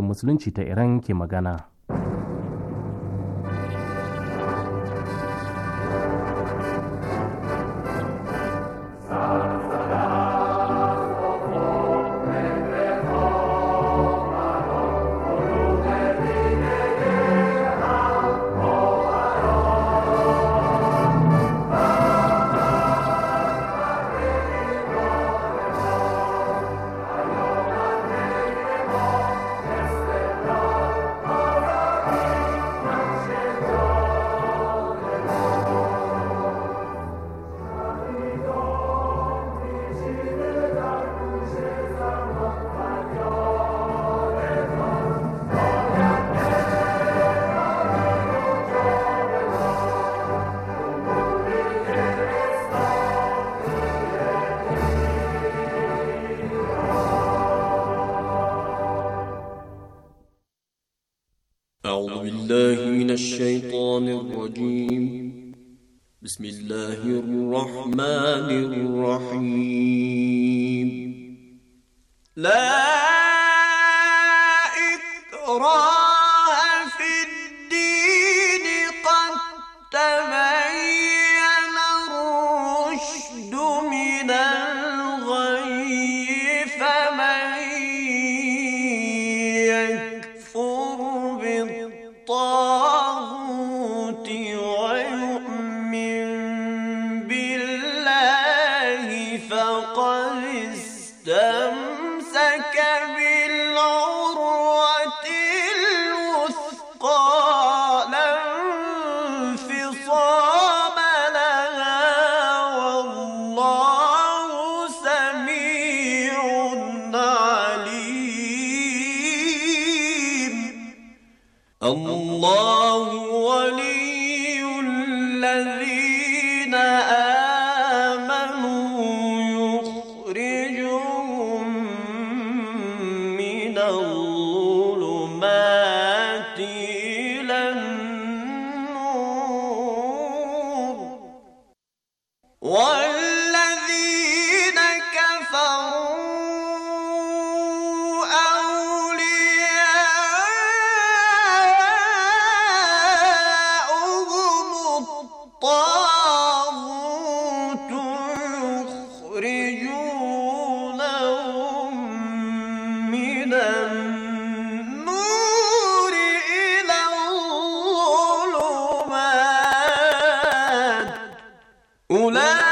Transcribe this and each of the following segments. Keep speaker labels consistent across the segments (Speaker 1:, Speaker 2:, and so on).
Speaker 1: musulunci ta iran ke magana
Speaker 2: أولئك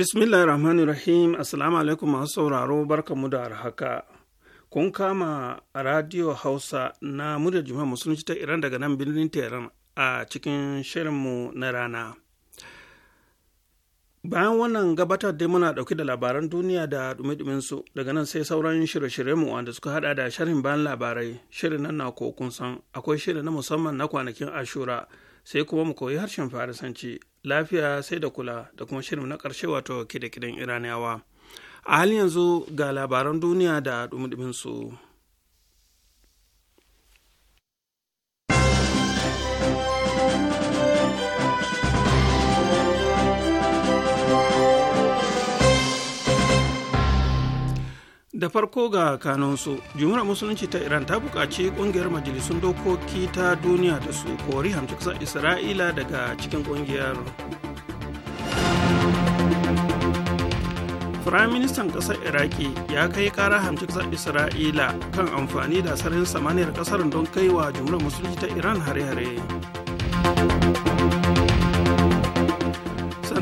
Speaker 3: bismillahir rahmanir rahim assalamu alaikum masu sauraro mu da arhaka kun kama radio hausa na muryar jama'a musulunci ta iran daga nan birnin teran a cikin shirinmu na rana bayan wannan gabatar dai muna dauke da labaran duniya da dumi su daga nan sai sauran shirye-shiryenmu wanda suka hada da sharhin bayan labarai shirin nan na kun san akwai shirin na musamman na kwanakin ashura sai kuma mu koyi harshen farisanci lafiya sai da kula da kuma shirin na ƙarshe wato kide-kiden iraniyawa a halin yanzu ga labaran duniya da dumudumin su. da farko ga kanunsu jumhuriyar musulunci ta iran ta bukaci ƙungiyar majalisun dokoki ta duniya da su kori hamci kusan isra'ila daga cikin ƙungiyar firaministan ƙasar iraki ya kai ƙara hamci kusan isra'ila kan amfani da sararin samaniyar ƙasar don kai wa jumhuriyar musulunci ta iran hare-hare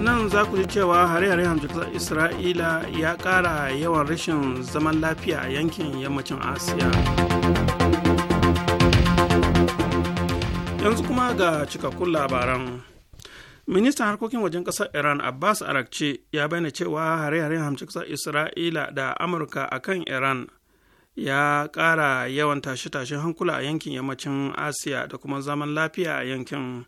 Speaker 3: Nan za ku ji cewa hare-hare hamjikar isra'ila ya ƙara yawan rashin zaman lafiya a yankin yammacin asiya yanzu kuma ga cikakkun labaran ministan harkokin wajen ƙasar iran abbas arakci ya bayyana cewa hare hare hamjikar isra'ila da amurka a kan iran ya ƙara yawan tashe-tashen hankula a yankin yammacin asiya da kuma zaman lafiya a yankin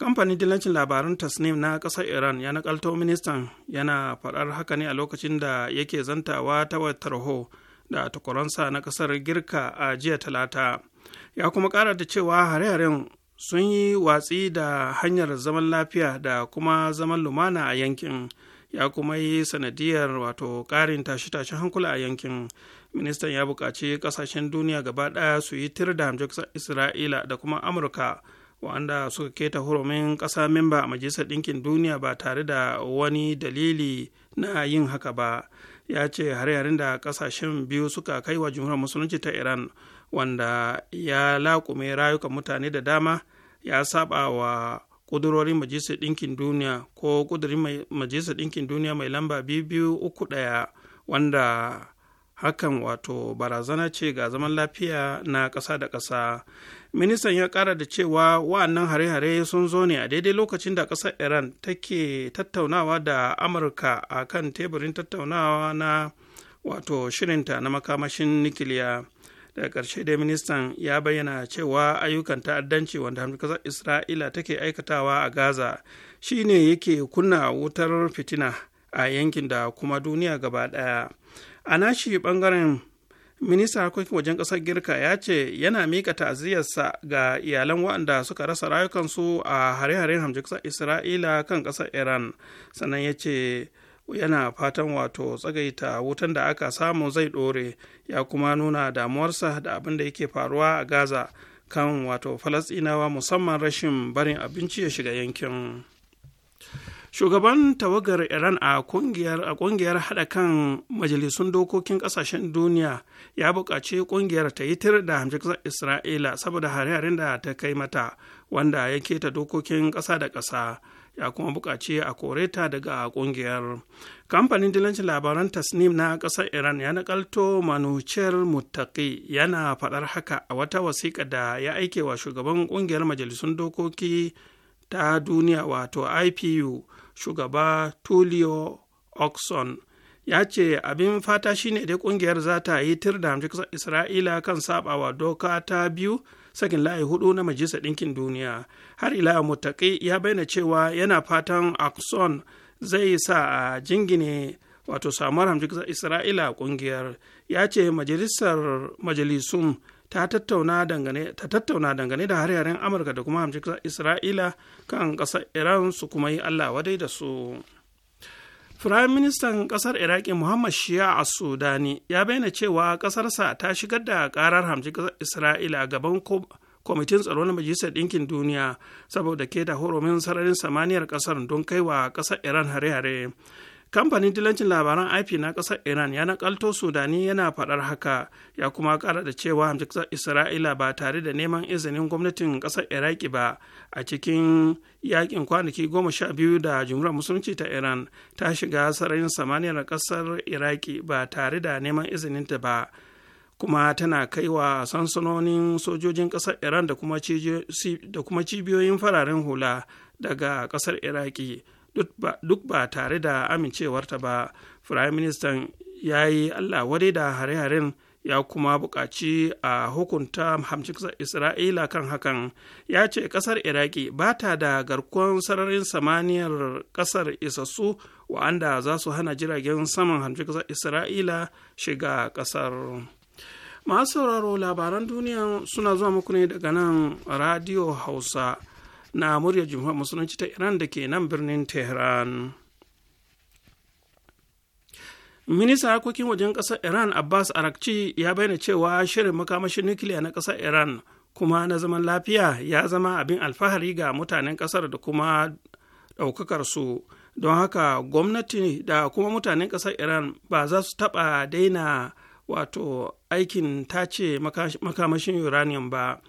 Speaker 3: kamfanin dillancin labaran tasnim na ƙasar iran ya nakalto ministan yana faɗar haka ne a lokacin da yake zantawa ta tarho da tukuransa na kasar girka a jiya talata ya kuma ƙara da cewa hare-haren sun yi watsi da hanyar zaman lafiya da kuma zaman lumana a yankin ya kuma yi sanadiyar wato karin tashe-tashen hankula a yankin ministan ya buƙaci ƙasashen duniya gaba ɗaya su yi tir da hamjakar isra'ila da kuma amurka wanda suka keta hurumin ƙasa memba a majalisar ɗinkin duniya ba tare da wani dalili na yin haka ba ya ce har yarin da ƙasashen biyu suka kai wa jumhuriyar musulunci ta iran wanda ya laƙume rayukan mutane da dama ya saba wa ƙudurorin majalisar ɗinkin duniya ko ƙudurin majalisar ɗinkin duniya mai lamba daya wanda hakan wato barazana ce ga zaman lafiya na ƙasa da ƙasa ministan ya ƙara da cewa wa'annan hare-hare sun zo ne a daidai lokacin da ƙasar iran take tattaunawa da amurka a kan teburin tattaunawa na wato shirinta na makamashin nikiliya daga ƙarshe dai ministan ya bayyana cewa ayyukan ta'addanci wanda kasar isra'ila take aikatawa a gaza shine yake kunna wutar fitina a yankin da kuma duniya gaba ɗaya a nashi bangaren minista harkokin wajen ƙasar girka ya ce yana mika ta'aziyarsa ga iyalan waɗanda suka rasa rayukansu a hare-haren hamji kasar isra'ila kan kasar iran sannan ya ce yana fatan wato tsagaita wutan da aka samu zai ɗore ya kuma nuna damuwarsa da abin da yake faruwa a gaza kan wato falasɗinawa musamman rashin barin abinci ya shiga yankin. shugaban tawagar iran a kungiyar haɗa kan majalisun dokokin ƙasashen duniya ya buƙaci kungiyar ta yi tir da hamshin isra'ila saboda hare-haren da ta kai mata wanda ya keta dokokin ƙasa da ƙasa ya kuma buƙaci a kore ta daga kungiyar kamfanin dilancin labaran tasnim na ƙasar iran ya nakalto manucer mutaki yana faɗar haka a wata wasiƙa da ya aike wa shugaban kungiyar majalisun dokoki ta duniya wato ipu shugaba tulio oxon ya ce abin fata shine dai kungiyar za ta yi tir da hamshin isra'ila kan sabawa doka ta biyu sakin layi hudu na majalisar ɗinkin duniya har ila mutaki ya bayyana cewa yana fatan oxon zai sa a jingine wato samuwar hamshin isra'ila kungiyar ya ce majalisar majalisun ta tattauna dangane da har-yaren amurka da kuma hamshi isra'ila kan ƙasar iran su kuma yi allah wadai da su firayim ministan kasar iraki muhammad shia a sudani ya bayyana cewa kasarsa ta shigar da karar hamshi isra'ila gaban kwamitin tsaro na majalisar ɗinkin duniya saboda ke da horomin sararin samaniyar ƙasar don kai wa ƙasar iran hare-hare kamfanin dilancin labaran ip na kasar iran ya nakalto sudani yana faɗar haka ya kuma ƙara da cewa hamjikar isra'ila ba tare da neman izinin gwamnatin ƙasar iraki ba a cikin yakin kwanaki goma sha biyu da jumhuriyar musulunci ta iran ta shiga sararin samaniyar ƙasar iraki ba tare da neman izininta ba kuma tana kai wa sansanonin sojojin ƙasar iran da kuma cibiyoyin fararen hula daga ƙasar iraki duk ba tare da amincewarta ba prime minister ya yi allah wadai da hare-haren ya kuma buƙaci a hukunta hamcin isra'ila kan hakan ya ce ƙasar iraki ba ta da garkuwar sararin samaniyar ƙasar isassu wa'anda za su hana jiragen saman hamcin isra'ila shiga ƙasar masu sauraro labaran duniya suna zuwa muku ne daga nan radio hausa na muryar jumhuriyar musulunci ta iran da ke nan birnin tehran ministan harkokin wajen ƙasar iran abbas arakci ya bayyana cewa shirin makamashin nukiliya na ƙasar iran kuma na zaman lafiya ya zama abin alfahari ga mutanen ƙasar da kuma ɗaukakarsu don haka gwamnati da kuma mutanen ƙasar iran ba za su taɓa daina wato aikin tace makamashin uranium ba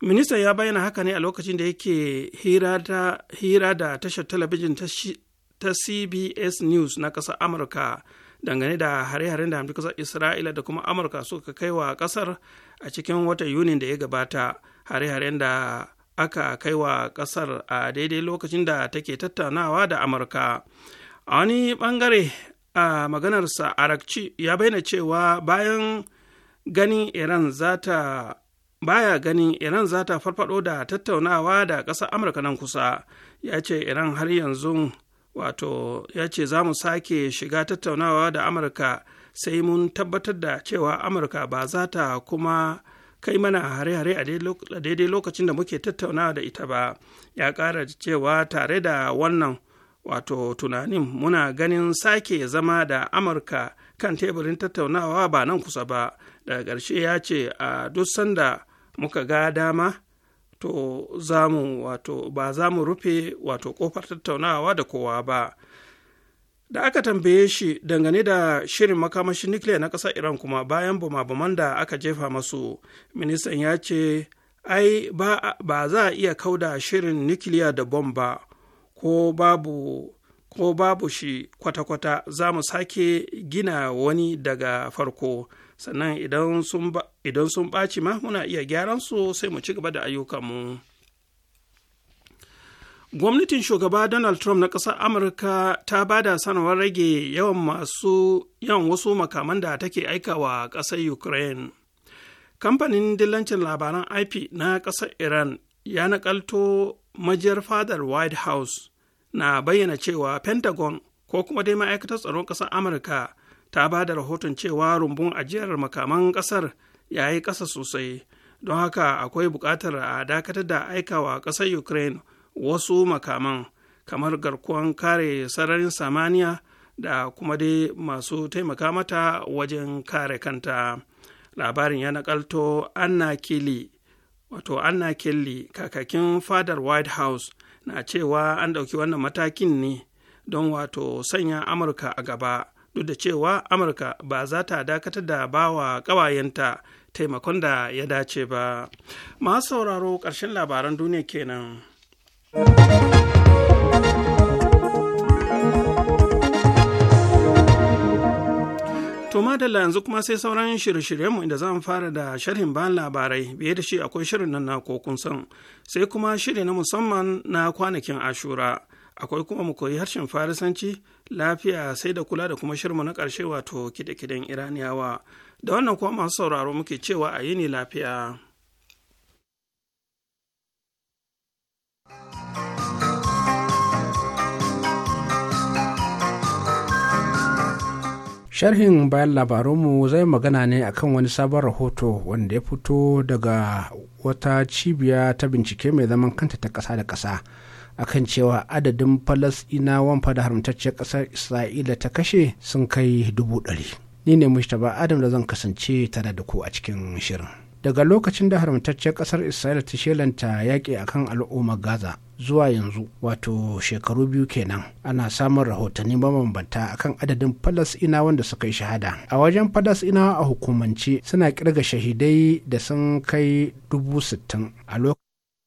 Speaker 3: minista ya bayyana haka ne a lokacin da yake hira da tashar talabijin ta cbs news na ƙasar amurka dangane da hare-haren da hamdi ƙasar isra'ila da kuma amurka suka kai wa ƙasar a cikin watan yuni da ya gabata hare-haren da aka kai wa ƙasar a daidai lokacin da take tattaunawa da amurka a wani ɓangare a maganarsa arakci ya bayyana cewa bayan ganin iran za ta baya ganin iran za ta farfado da tattaunawa da ƙasar amurka nan kusa ya ce iran har yanzu wato ya ce za mu sake shiga tattaunawa da amurka sai mun tabbatar da cewa amurka ba za ta kuma kai mana hare-hare a daidai lokacin da muke tattaunawa da ita ba ya ƙara cewa tare da wannan wato tunanin muna ganin sake zama da amurka kan teburin tattaunawa ba nan kusa ba daga ƙarshe ya ce a duk sanda muka ga dama to za wato ba za mu rufe wato kofar tattaunawa da kowa ba da aka tambaye shi dangane da shirin makamashin nukiliya na ƙasar iran kuma bayan bumabuman da aka jefa masu ministan ya ce ai ba, za a iya kauda shirin nukiliya da bom ba ko babu ko babu shi kwata-kwata za mu sake gina wani daga farko sannan idan sun ɓaci ma muna iya gyaran su sai mu ci gaba da ayyukanmu gwamnatin shugaba donald trump na ƙasar amurka ta ba da sanarwar rage yawan masu yawan wasu makaman da take wa ƙasar ukraine kamfanin dillancin labaran ip na ƙasar iran ya nakalto majiyar fadar white house na bayyana cewa pentagon ko kuma dai ma'aikatar tsaron ƙasar amurka ta ba da rahoton cewa rumbun ajiyar makaman ƙasar ya yi ƙasa sosai don haka akwai buƙatar a dakatar da aikawa ƙasar ukraine wasu makaman kamar garkuwan kare sararin samaniya da kuma dai masu taimaka mata wajen kare kanta labarin ya nakalto anna kelly wato anna kelly kakakin fadar white house na cewa an ɗauki wannan matakin ne don wato sanya amurka a gaba duk da cewa amurka ba za ta dakatar da bawa kawayenta taimakon da ya dace ba masu sauraro ƙarshen labaran duniya kenan. To madalla yanzu kuma sai sauran shirye mu inda zan fara da sharhin bayan labarai biye da shi akwai shirin nan na kokun san sai kuma shiri na musamman na kwanakin ashura akwai kuma mu koyi harshen farisanci lafiya sai da kula da kuma shirmu na ƙarshe wato kide-kiden iraniyawa da wannan kuma masu sauraro muke cewa a yini lafiya
Speaker 4: sharhin bayan labarunmu zai magana ne akan wani sabon rahoto wanda ya fito daga wata cibiya ta bincike mai zaman kanta ta ƙasa da ƙasa A kan cewa adadin falasɗinawan fada haramtacciyar ƙasar isra'ila ta kashe sun kai dubu ɗari ni ne mustapha adam da zan kasance tare da ku a cikin shirin daga lokacin da haramtacciyar ƙasar isra'ila ta shelanta yaƙi akan al'ummar gaza zuwa yanzu wato shekaru biyu kenan ana samun rahotanni mabambanta akan adadin falasina wanda suka yi shahada a wajen falasinawa a hukumance suna kirga shahidai da sun kai dubu sittin a lokacin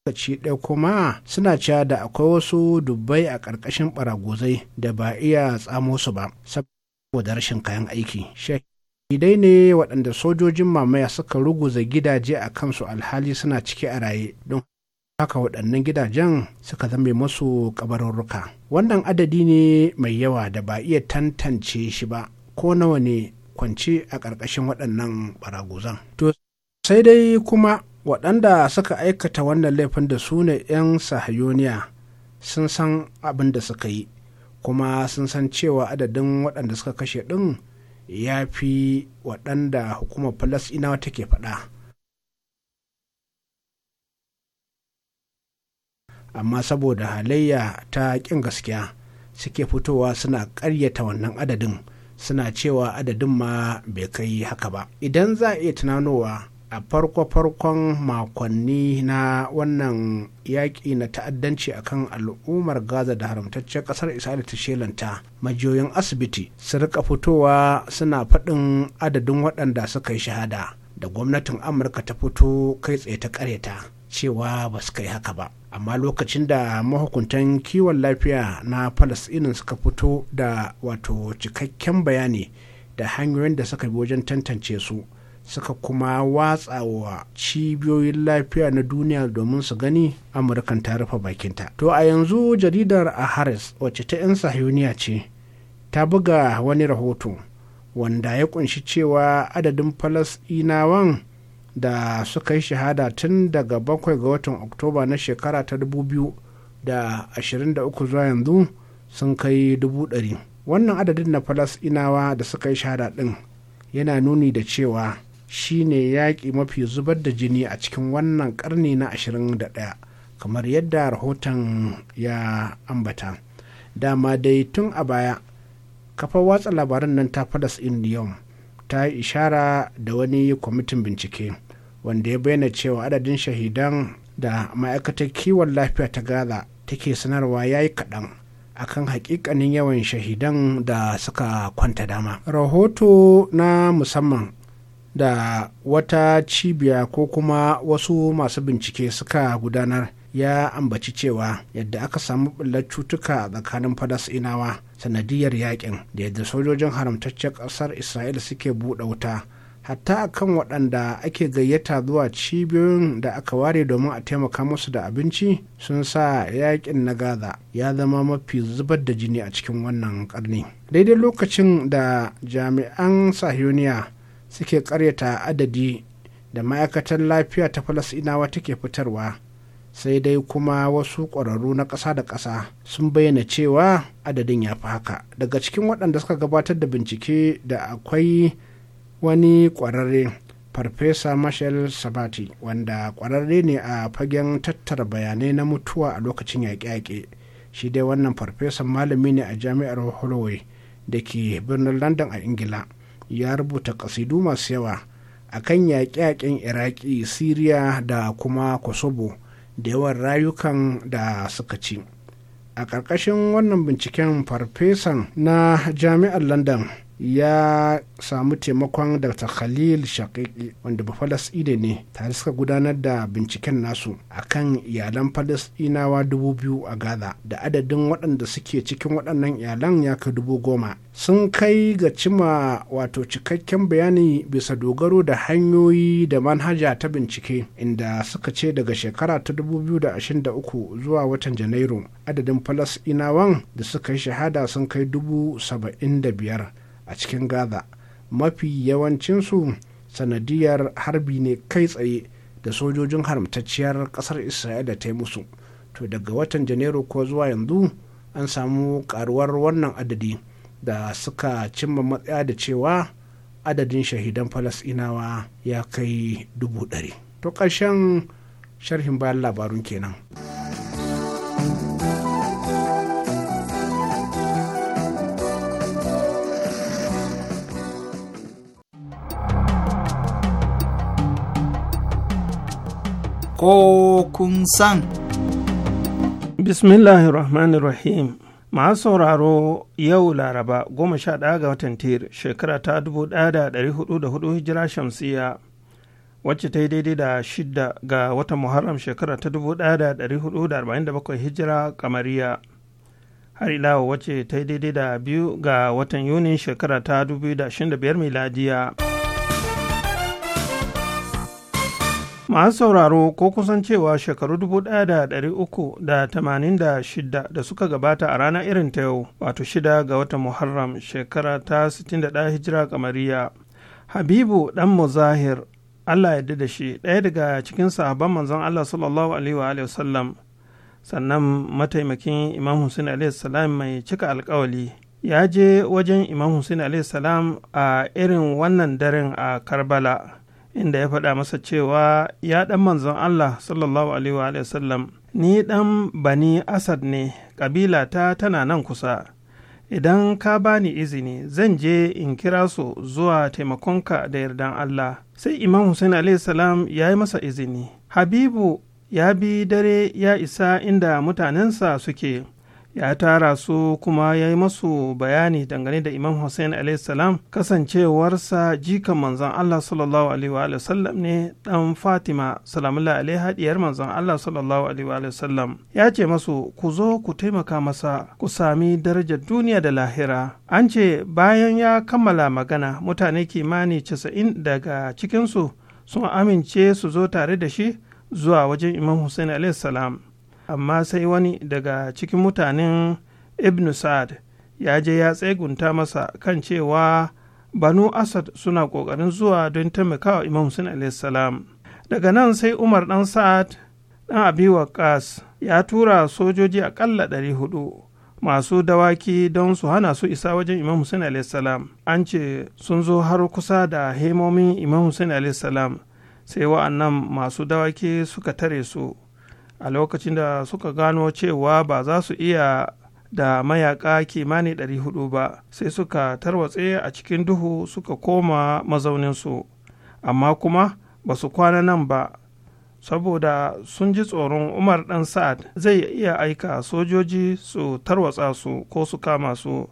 Speaker 4: lokaci ɗaya kuma suna cewa da akwai wasu dubbai a ƙarƙashin ɓaragozai da ba iya tsamo su ba saboda rashin kayan aiki dai ne waɗanda sojojin mamaya suka ruguza gidaje a kansu alhali suna ciki a raye don haka waɗannan gidajen suka zame masu ƙabarurruka? wannan adadi ne mai yawa da ba iya tantance shi ba ko nawa ne kwanci a ƙarƙashin waɗannan ɓaragozan to sai dai kuma waɗanda suka aikata wannan laifin da su ne 'yan sahayoniya sun san abin da suka yi kuma sun san cewa adadin waɗanda suka kashe ɗin ya fi waɗanda hukumar falasinawa take faɗa amma saboda halayya ta ƙin gaskiya suke fitowa suna ƙaryata wannan adadin suna cewa adadin ma bai kai haka ba idan za a iya tunanowa a farko-farkon makonni na wannan yaƙi na ta'addanci a kan al'ummar gaza da haramtaccen ƙasar isra'ila ta shelanta majiyoyin asibiti su rika fitowa suna faɗin adadin waɗanda suka yi shahada da gwamnatin amurka ta fito kai tsaye ta ƙareta cewa ba su kai haka ba amma lokacin da mahukuntan kiwon lafiya na falasɗinin suka fito da wato cikakken bayani da hanyoyin da suka bi wajen tantance su suka kuma watsa wa cibiyoyin lafiya na duniya domin su gani amurkan ta rufe bakinta to a yanzu jaridar a harris wacce ta 'yan sahiyoniya ce ta buga wani rahoto wanda ya kunshi cewa adadin falasinawan da suka yi shahada tun daga bakwai ga watan oktoba na shekara ta 2023 zuwa yanzu sun kai dubu 100 wannan adadin na falasinawa da suka yi shahada din yana nuni da cewa shine yaƙi mafi zubar da jini a cikin wannan karni na 21 kamar yadda rahoton ya ambata dama dai tun a baya kafa watsa labaran nan ta fadas indiyom ta yi ishara da wani kwamitin bincike wanda ya bayyana cewa adadin shahidan da ma'aikatar kiwon lafiya ta gaza take sanarwa ya yi kaɗan akan hakikanin yawan shahidan da suka kwanta dama rahoto na musamman da wata cibiya ko kuma wasu masu bincike suka gudanar ya ambaci cewa yadda aka samu ɓullar cutuka a tsakanin Fadas Inawa, sanadiyar yakin da yadda sojojin haramtaccen ƙasar isra'ila suke buɗe wuta hatta akan waɗanda ake gayyata zuwa cibiyoyin da aka ware domin a taimaka musu da abinci sun sa yakin na gaza ya zama mafi zubar da jini a cikin wannan ƙarni daidai lokacin da jami'an sahiyoniya suke karyata adadi da ma'aikatan lafiya ta falasinawa take fitarwa sai dai kuma wasu ƙwararru na ƙasa da ƙasa sun bayyana cewa adadin ya fi haka daga cikin waɗanda suka gabatar da bincike da akwai wani ƙwararre farfesa marshall sabati wanda ƙwararre ne a fagen tattara bayanai na mutuwa a lokacin yaƙe-yaƙe shi dai wannan farfesan malami ne a jami'ar holloway da ke birnin london a ingila ya rubuta kasidu masu yawa akan yaƙe-yaƙen iraki siriya da kuma kosovo da yawan rayukan da suka ci a ƙarƙashin wannan binciken farfesan na jami'ar london ya samu taimakon dr khalil shakiki wanda ba falasɗine ne tare suka gudanar da binciken nasu a kan iyalan falasɗinawa dubu biyu a gaza da adadin waɗanda suke cikin waɗannan iyalan ya kai dubu goma sun kai ga cima wato cikakken bayani bisa dogaro da hanyoyi da manhaja ta bincike inda suka ce daga shekara ta 2023 zuwa watan janairu adadin falasɗinawan da suka yi shahada sun kai dubu saba'in da biyar a cikin gaza mafi yawancinsu sanadiyar harbi ne kai tsaye da sojojin haramtacciyar kasar isra'ila ta yi musu to daga watan janairu ko zuwa yanzu an samu karuwar wannan adadi da suka cimma matsaya da cewa adadin shahidan falasinawa ya kai dubu ɗari to ƙarshen sharhin bayan labarun kenan.
Speaker 3: ko kun san. Bismillahirrahmanirrahim. Masu sauraro yau Laraba goma sha ɗaya ga watan Tir shekara ta dubu ɗaya da ɗari hudu da hudu hijira shamsiya wacce ta yi daidai da shidda ga watan Muharram shekara ta dubu ɗaya da ɗari hudu da arba'in da bakwai hijira kamariya. Har ila wacce ta yi daidai da biyu ga watan Yuni shekara ta dubu da shida da biyar miladiya. masu sauraro ko kusan cewa shekaru 1386 da suka gabata a ranar irin ta yau wato shida ga wata muharram shekara ta 61 hijira kamariya habibu dan muzahir allah ya da shi ɗaya daga cikin sahabban manzon allah sallallahu alaihi wasallam sannan mataimakin imam hussein alaihi salam mai cika alkawali ya je wajen imam hussein alaihi salam a irin wannan daren a karbala inda ya faɗa masa cewa ya ɗan manzon Allah sallallahu alaihi wa sallam ni ɗan bani Asad ne ƙabila ta tana nan kusa idan ka bani izini zan je in kira su zuwa taimakonka da yardan Allah sai Imam Hussein alaihi salam ya yi masa izini Habibu ya bi dare ya isa inda mutanensa suke ya tara su kuma ya yi masu bayani dangane da imam hussein salam kasancewarsa jikan manzon allah sallallahu alaihi wa sallam ne dan fatima salamullah alaihi manzon allah sallallahu alaihi wa sallam ya ce masu ku zo ku taimaka masa ku sami darajar duniya da lahira an ce bayan ya kammala magana mutane kimani casa'in daga cikinsu sun amince su zo tare da shi zuwa wajen imam hussein salam amma sai wani daga cikin mutanen ibn sa'ad ya je ya tsegunta masa kan cewa banu asad suna ƙoƙarin zuwa don taimakawa imam Hussein salam daga nan sai umar dan sa'ad ɗan abi waqas ya tura sojoji aƙalla ɗari hudu masu dawaki don su hana su isa wajen imam Hussein salam an ce sun zo har kusa da hemomin imam Hussein salam sai wa'annan masu dawaki suka tare su a lokacin da suka gano cewa ba za su iya da mayaka kimanin ɗari 400 ba sai suka tarwatse a cikin duhu suka koma mazauninsu amma kuma ba su kwana nan ba saboda sun ji tsoron umar ɗan sa'ad zai iya aika sojoji su tarwatsa su ko su kama su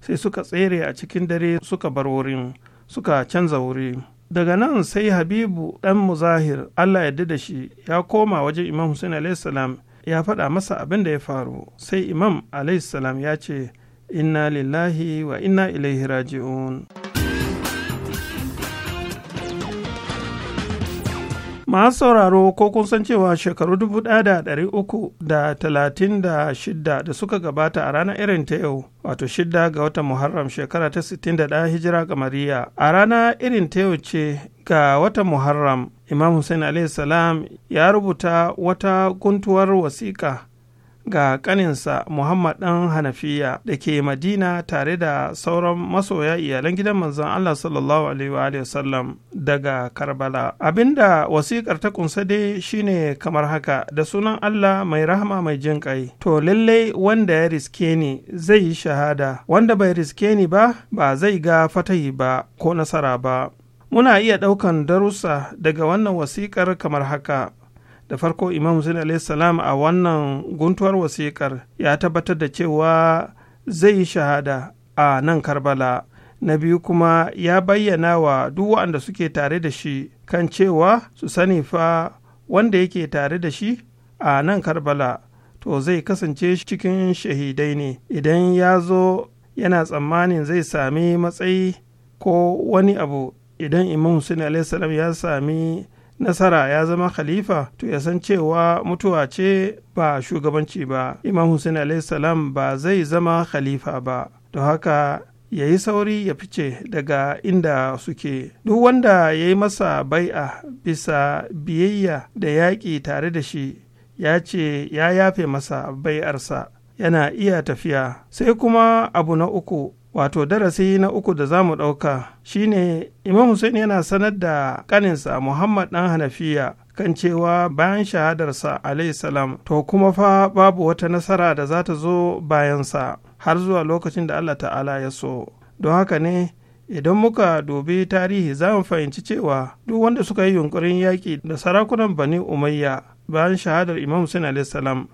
Speaker 3: sai suka tsere a cikin dare suka bar wurin suka canza wuri daga nan sai habibu ɗan muzahir allah yarda da shi ya koma wajen imam hussein alaihissalam ya faɗa masa abin da ya faru sai imam alaihissalam ya ce inna lillahi wa inna ilaihi raji'un. masu sauraro ko kun san cewa shekaru dubu da ɗari uku da talatin da shidda da suka gabata a ranar irin ta yau wato shidda ga watan muharram shekara ta sittin da ɗaya hijira kamariya a rana irin ta yau ce ga watan muharram imam hussein salam ya rubuta wata guntuwar wasiƙa ga kaninsa Muhammad ɗan Hanafiya da ke Madina tare da sauran masoya iyalan gidan manzon Allah sallallahu Alaihi sallam daga Karbala. Abinda wasiƙar ta kunsa dai shine kamar haka da sunan Allah mai rahama mai jin kai. To lallai wanda ya riske ni zai yi shahada, wanda bai riske ni ba ba zai ga fatahi ba ko nasara ba. Muna iya ɗaukan darussa daga wannan wasikar kamar haka. da farko imam Hussein salam a wannan guntuwar wasiƙar ya tabbatar da cewa zai yi shahada a nan karbala na biyu kuma ya bayyana wa duk waɗanda suke tare da shi kan cewa su sani fa wanda yake tare da shi a nan karbala to zai kasance cikin shahidai ne idan ya zo yana tsammanin zai sami matsayi ko wani abu idan imam Hussein salam ya sami nasara ya zama khalifa to ya san cewa mutuwa ce ba shugabanci ba imam hussein salam ba zai zama khalifa ba To haka ya yi sauri ya fice daga inda suke duk wanda ya yi masa bai'a bisa biyayya da yaƙi tare da shi ya ce ya yafe masa bai'arsa yana iya tafiya sai kuma abu na uku wato darasi na uku da za mu ɗauka shine imam hussein yana sanar da kaninsa muhammad Dan hanafiya kan cewa bayan shahadarsa salam to kuma fa babu wata nasara da za ta zo bayansa har zuwa lokacin da allah ta'ala ya so don haka ne idan muka dubi tarihi za mu fahimci cewa duk wanda suka yi yunkurin yaƙi da sarakunan bani umayya bayan shahadar imam hussein salam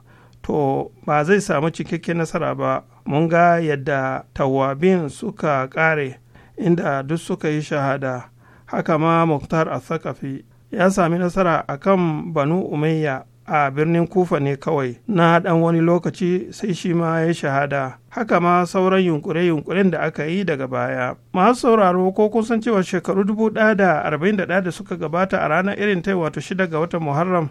Speaker 3: to ba zai samu cikakken nasara ba mun ga yadda tawabin suka kare. inda duk suka yi shahada haka ma muktar asakafi ya sami nasara a kan banu umayya a birnin kufa ne kawai na ɗan wani lokaci sai shi ma ya shahada haka ma sauran yunkure-yunkuren da aka yi daga baya masu sauraro ko kun cewa shekaru dubu da arba'in da suka gabata a ranar irin ta wato shida ga watan muharram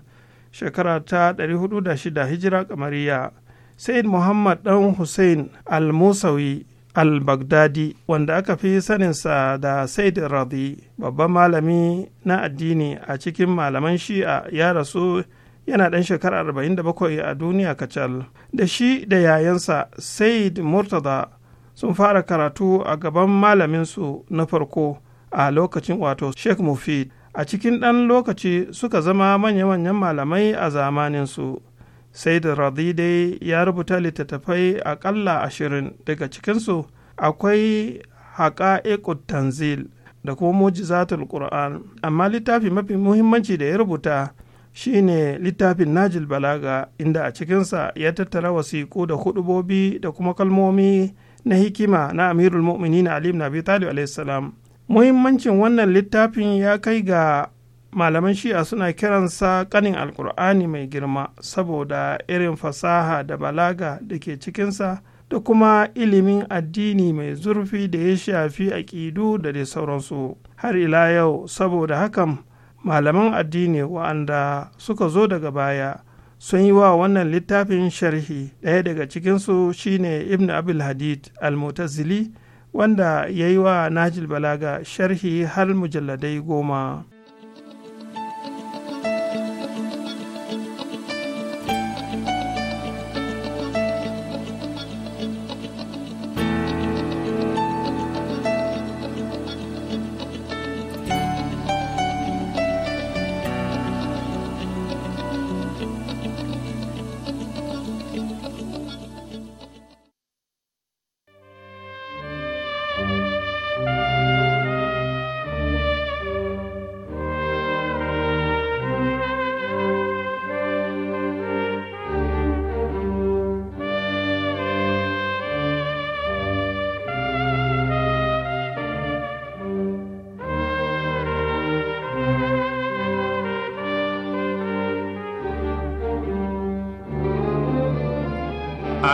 Speaker 3: shekara ta 406 hijira kamariya said muhammad dan hussein al-musawi al-baghdadi wanda aka fi saninsa da said radi babban malami na addini a cikin malaman shi'a ya rasu yana ɗan shekara 47 a duniya kacal da shi da yayansa said murtada sun fara karatu a gaban malaminsu na farko a lokacin wato sheikh mufid a cikin ɗan lokaci suka zama manya-manyan malamai a zamaninsu sai da dai ya rubuta littattafai aƙalla ashirin daga cikinsu akwai haƙa tanzil da kuma mujizatul qur'an amma littafi mafi muhimmanci da ya rubuta shine littafin najil balaga inda a cikinsa ya tattara wasiƙu da hudubobi da kuma kalmomi na hikima na amirul mu'minin ali ibn abi talib alaihi muhimmancin wannan littafin ya kai ga malaman shi'a suna kiransa kanin alkur'ani mai girma saboda irin fasaha da balaga da ke cikinsa da kuma ilimin addini mai zurfi da ya shafi aƙidu da dai sauransu har ila yau saboda hakan malaman addini wa'anda suka zo daga baya sun yi wa wannan littafin sharhi ɗaya daga cikinsu shine ibn abul hadid al-mutazili wanda ya yi wa Najil Balaga sharhi har mujalladai goma.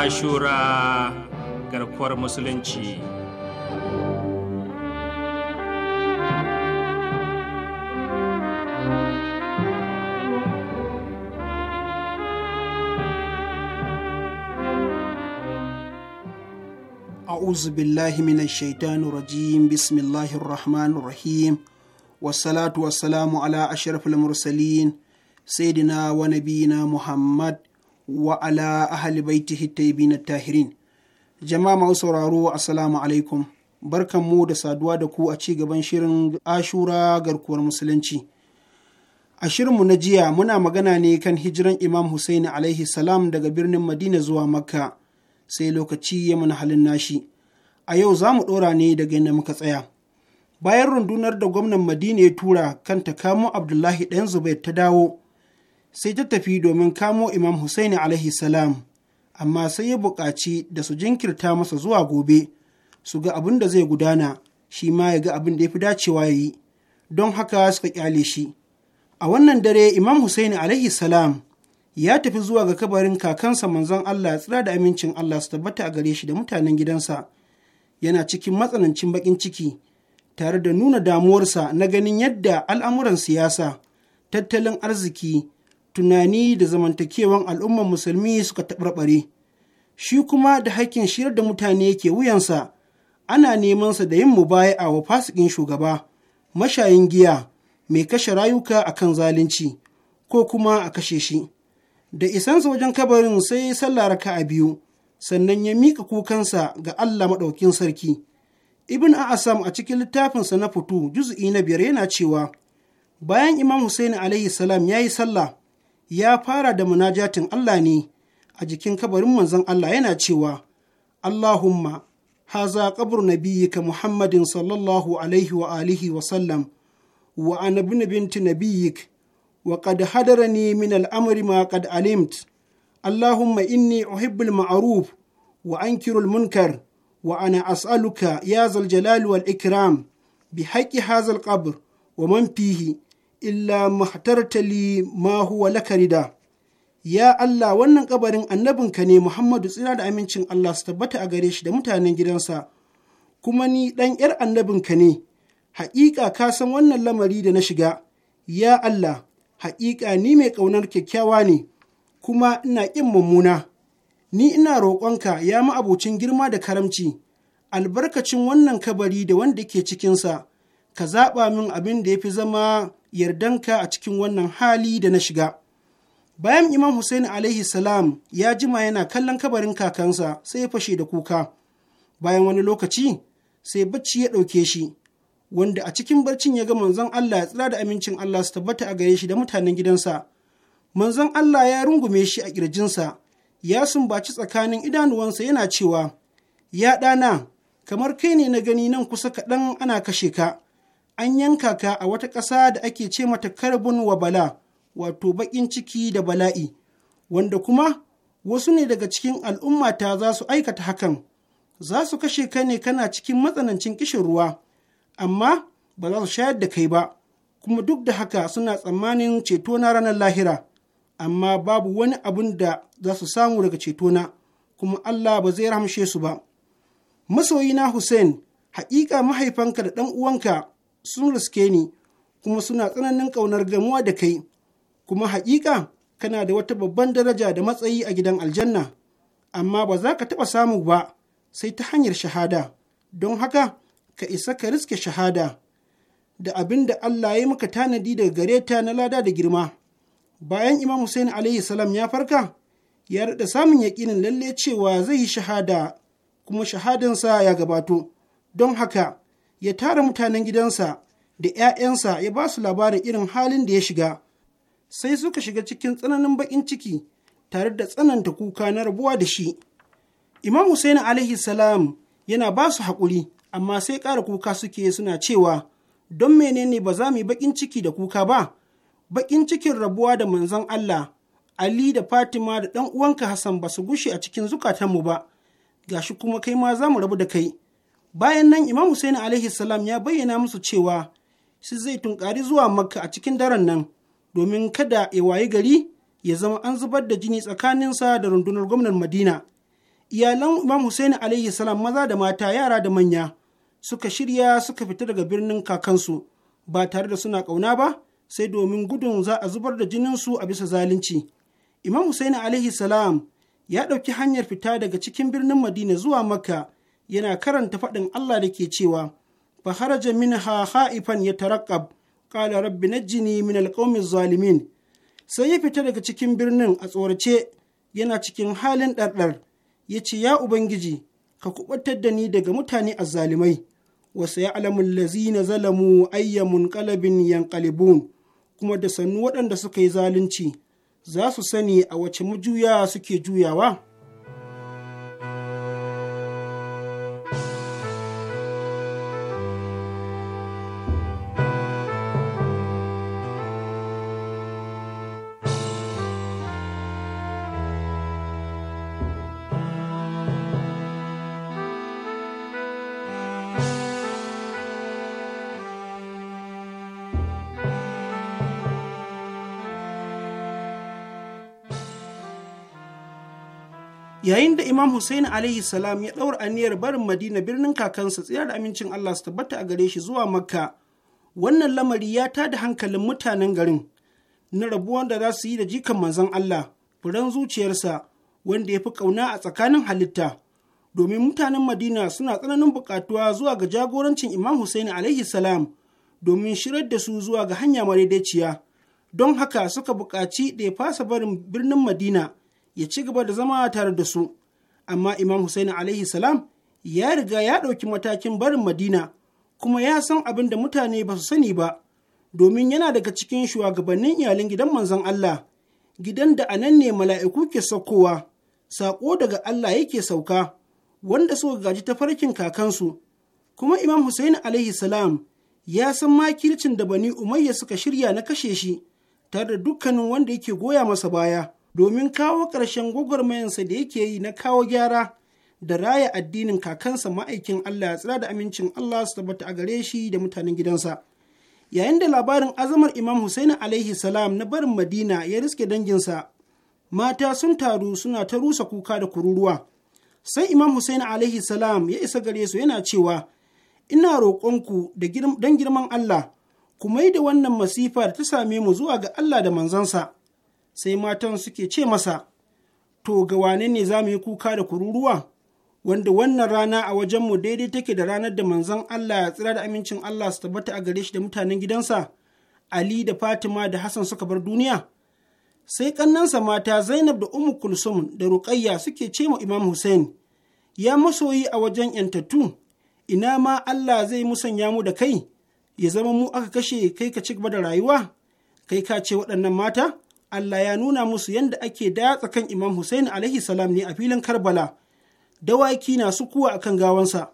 Speaker 5: ashura garkuwar musulunci
Speaker 6: أعوذ بالله من الشيطان الرجيم بسم الله الرحمن الرحيم والصلاة والسلام على أشرف المرسلين سيدنا ونبينا محمد wa ala ahli bi na tahirin jama'a masu sauraro assalamu alaikum mu da saduwa da ku a ci gaban shirin ashura garkuwar musulunci a shirinmu na jiya muna magana ne kan hijiran imam Hussein alaihi salam daga birnin madina zuwa makka sai lokaci ya mana halin nashi a yau za mu ɗora ne daga yadda muka tsaya bayan rundunar da gwamnan madina ya tura kan takamu abdullahi ɗan zubair ta dawo sai ta tafi domin kamo Imam Hussaini alaihi salam, amma sai ya buƙaci da su jinkirta masa zuwa gobe, su ga abin da zai gudana, shi ma ya ga abin da ya fi dacewa ya yi, don haka suka ƙyale shi. A wannan dare Imam Hussaini alaihi salam ya tafi zuwa ga kabarin kakansa manzon Allah tsira da amincin Allah su tabbata a gare shi da mutanen gidansa, yana cikin matsanancin baƙin ciki, tare da nuna damuwarsa na ganin yadda al'amuran siyasa, tattalin arziki, tunani da zamantakewan al'ummar musulmi suka taɓarɓare shi kuma da hakkin shirar da mutane ke wuyansa ana nemansa da yin mubaya'a wa fasikin shugaba mashayin giya mai kashe rayuka a kan zalunci ko kuma a kashe shi da isansa wajen kabarin sai sallah raka a biyu sannan ya miƙa kukansa ga Allah maɗaukin sarki ibn a'asam a cikin littafinsa na fito juz'i na biyar yana cewa bayan imam Hussein alaihi salam ya yi sallah ya fara da munajatin Allah ne a jikin kabarin manzon Allah yana cewa Allahumma haza qabr nabiyyika Muhammadin sallallahu alaihi wa alihi wa sallam wa ana binti nabiyyik wa qad hadarani min al'amari ma qad alimt Allahumma inni uhibbul ma'ruf wa ankirul munkar wa ana as'aluka ya zal jalali wal ikram bi haƙi hazal qabr wa man fihi illa mahtartali ma huwa lakarida ya Allah wannan kabarin annabinka ne Muhammadu tsina da amincin Allah su tabbata a gare shi da mutanen gidansa kuma ni ɗan ‘yar annabinka ne haƙiƙa ka san wannan lamari da na shiga ya Allah haƙiƙa ni mai ƙaunar kyakkyawa ne kuma ina ƙin mummuna ni ina roƙonka ya ma'abucin girma da karamci albarkacin wannan kabari da wanda ke cikinsa ka zaɓa min abin da ya fi zama yardanka a cikin wannan hali da na shiga. Bayan Imam Hussein alaihi salam ya jima yana kallon kabarin kakansa sai ya fashe da kuka. Bayan wani lokaci sai bacci ya ɗauke shi, wanda a cikin barcin ya ga manzon Allah ya tsira da amincin Allah su tabbata a gare shi da mutanen gidansa. Manzon Allah ya rungume shi a ƙirjinsa, ya sumbaci tsakanin idanuwansa yana cewa, Ya ɗana, kamar kai ne na gani nan kusa kaɗan ana kashe ka. an yanka ka a wata ƙasa da ake ce mata karbun wa bala, wato baƙin ciki da bala'i, wanda kuma wasu ne daga cikin al'ummata za su aikata hakan, za su kashe ka ne kana cikin matsanancin kishin ruwa, amma ba za su shayar da kai ba, kuma duk da haka suna tsammanin ceto na ranar lahira, amma babu wani abun da za su samu daga ceto na kuma Allah ba zai rahamshe su ba. Masoyina Hussein, haƙiƙa mahaifanka da ɗan uwanka sun riske ni kuma suna tsananin ƙaunar gamuwa da kai kuma haƙiƙa kana da wata babban daraja da matsayi a gidan aljanna amma ba za ka taɓa samu ba sai ta hanyar shahada don haka ka isa ka riske shahada da abin da Allah ya maka tanadi daga gare ta na lada da girma bayan imam Hussein alayhi salam ya farka ya rada samun yaƙinin lalle cewa zai yi shahada kuma shahadansa ya gabato don haka ya tara mutanen gidansa da ‘ya'yansa ya ba su labarin irin halin da ya shiga, sai suka shiga cikin tsananin baƙin ciki tare da tsananta kuka na rabuwa da shi. Imam Hussein alaihi salam yana ba su haƙuri, amma sai ƙara kuka suke suna cewa, don menene ba za mu yi baƙin ciki da kuka ba, baƙin cikin rabuwa da manzon Allah, Ali da Fatima da ɗan uwanka Hassan ba su gushe a cikin zukatanmu ba, gashi kuma kai ma za mu rabu da kai. bayan nan imam Hussein alaihi salam ya bayyana musu cewa shi zai tunkari zuwa makka a cikin daren nan domin kada ya wayi gari ya zama an zubar da jini tsakaninsa da rundunar gwamnan madina iyalan imam Hussein alaihi salam maza da mata yara da manya suka shirya suka fita daga birnin kakansu ba tare da suna ƙauna ba sai domin gudun za a zubar da jininsu a bisa zalunci imam Hussein alaihi salam ya ɗauki hanyar fita daga cikin birnin madina zuwa makka yana karanta faɗin Allah da ke cewa fa haraja ha ha'ifan ya tarakab, ƙala rabbi na jini min alƙaumin zalimin sai ya fita daga cikin birnin a tsorace yana cikin halin ɗarɗar ya ce ya ubangiji ka kuɓatar da ni daga mutane a zalimai, wasu ya alamun lazina zalamu ayyamun ƙalabin yankalibun kuma da sannu waɗanda suka yi zalunci za su sani a wace mujuya suke juyawa. yayin da imam Hussein alaihi salam ya ɗaura aniyar barin madina birnin kakansa tsayar da amincin allah su tabbata a gare shi zuwa makka wannan lamari ya da hankalin mutanen garin na rabuwan da za su yi da jikan manzon allah furen zuciyarsa wanda ya fi ƙauna a tsakanin halitta domin mutanen madina suna tsananin buƙatuwa zuwa ga jagorancin imam Hussein alaihi salam domin shirar da su zuwa ga hanya madaidaiciya don haka suka buƙaci da ya fasa barin birnin madina ya ci gaba da zama tare da su amma imam Hussein alaihi salam ya riga ya ɗauki matakin barin madina kuma ya san abin da mutane ba su sani ba domin yana daga cikin shugabannin iyalin gidan manzon Allah gidan da a nan ne mala'iku ke saukowa saƙo daga Allah yake sauka wanda suka gaji tafarkin kakansu kuma imam Hussein alaihi salam ya san makircin da bani umayya suka shirya na kashe shi tare da dukkanin wanda yake goya masa baya domin kawo ƙarshen gwagwarmayansa da yake yi na kawo gyara da raya addinin kakansa ma'aikin Allah ya tsira da amincin Allah su tabbata a gare shi da mutanen gidansa. Yayin da labarin azamar Imam Hussein alaihi salam na barin Madina ya riske danginsa, mata sun taru suna ta rusa kuka da kururuwa. Sai Imam Hussein alaihi salam ya isa gare su yana cewa, Ina roƙonku don girman Allah, ku mai da wannan masifa da ta same mu zuwa ga Allah da manzansa. sai matan suke ce masa to ga wane ne za mu yi kuka da kururuwa wanda wannan rana a wajenmu daidai take da ranar da manzon Allah ya tsira da amincin Allah su tabbata a gare shi da mutanen gidansa Ali da Fatima da Hassan suka bar duniya sai ƙannansa mata Zainab da Ummu Kulsum da Rukayya suke ce ma Imam Hussein ya masoyi a wajen yantattu ina ma Allah zai musanya mu da kai ya zama mu aka kashe kai ka ci gaba da rayuwa kai ka ce waɗannan mata Allah ya nuna musu yadda ake datsa kan Imam Hussein alaihi salam ne a filin Karbala, dawaki na sukuwa a kan gawansa.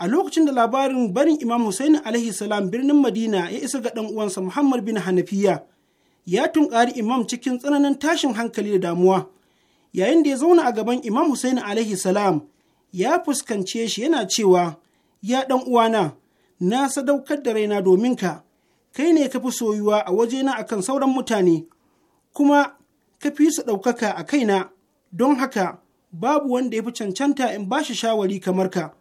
Speaker 6: A lokacin da labarin barin Imam Hussein alaihi salam birnin Madina ya isa ga ɗan uwansa Muhammad bin Hanafiya, ya tunƙari Imam cikin tsananin tashin hankali da damuwa. Yayin da ya zauna a gaban Imam Hussein alaihi salam, ya fuskance shi yana cewa, Ya ɗan uwana, na sadaukar da raina domin ka, kai ne ka fi soyuwa a wajena akan sauran mutane. kuma ka fi su ɗaukaka a kaina, don haka babu wanda ya fi cancanta in ba shi shawari kamar ka,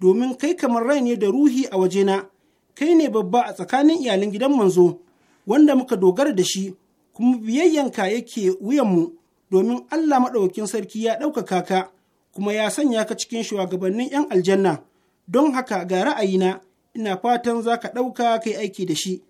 Speaker 6: domin kai kamar rai ne da ruhi a wajena, kai ne babba a tsakanin iyalin gidan manzo, wanda muka dogara da shi, kuma biyayyanka yake wuyanmu, domin Allah Maɗaukin sarki ya ɗaukaka ka, kuma ya sanya ka cikin shugabannin ‘yan aljanna, don haka ga ra'ayina, ina fatan za ka ɗauka kai aiki da shi.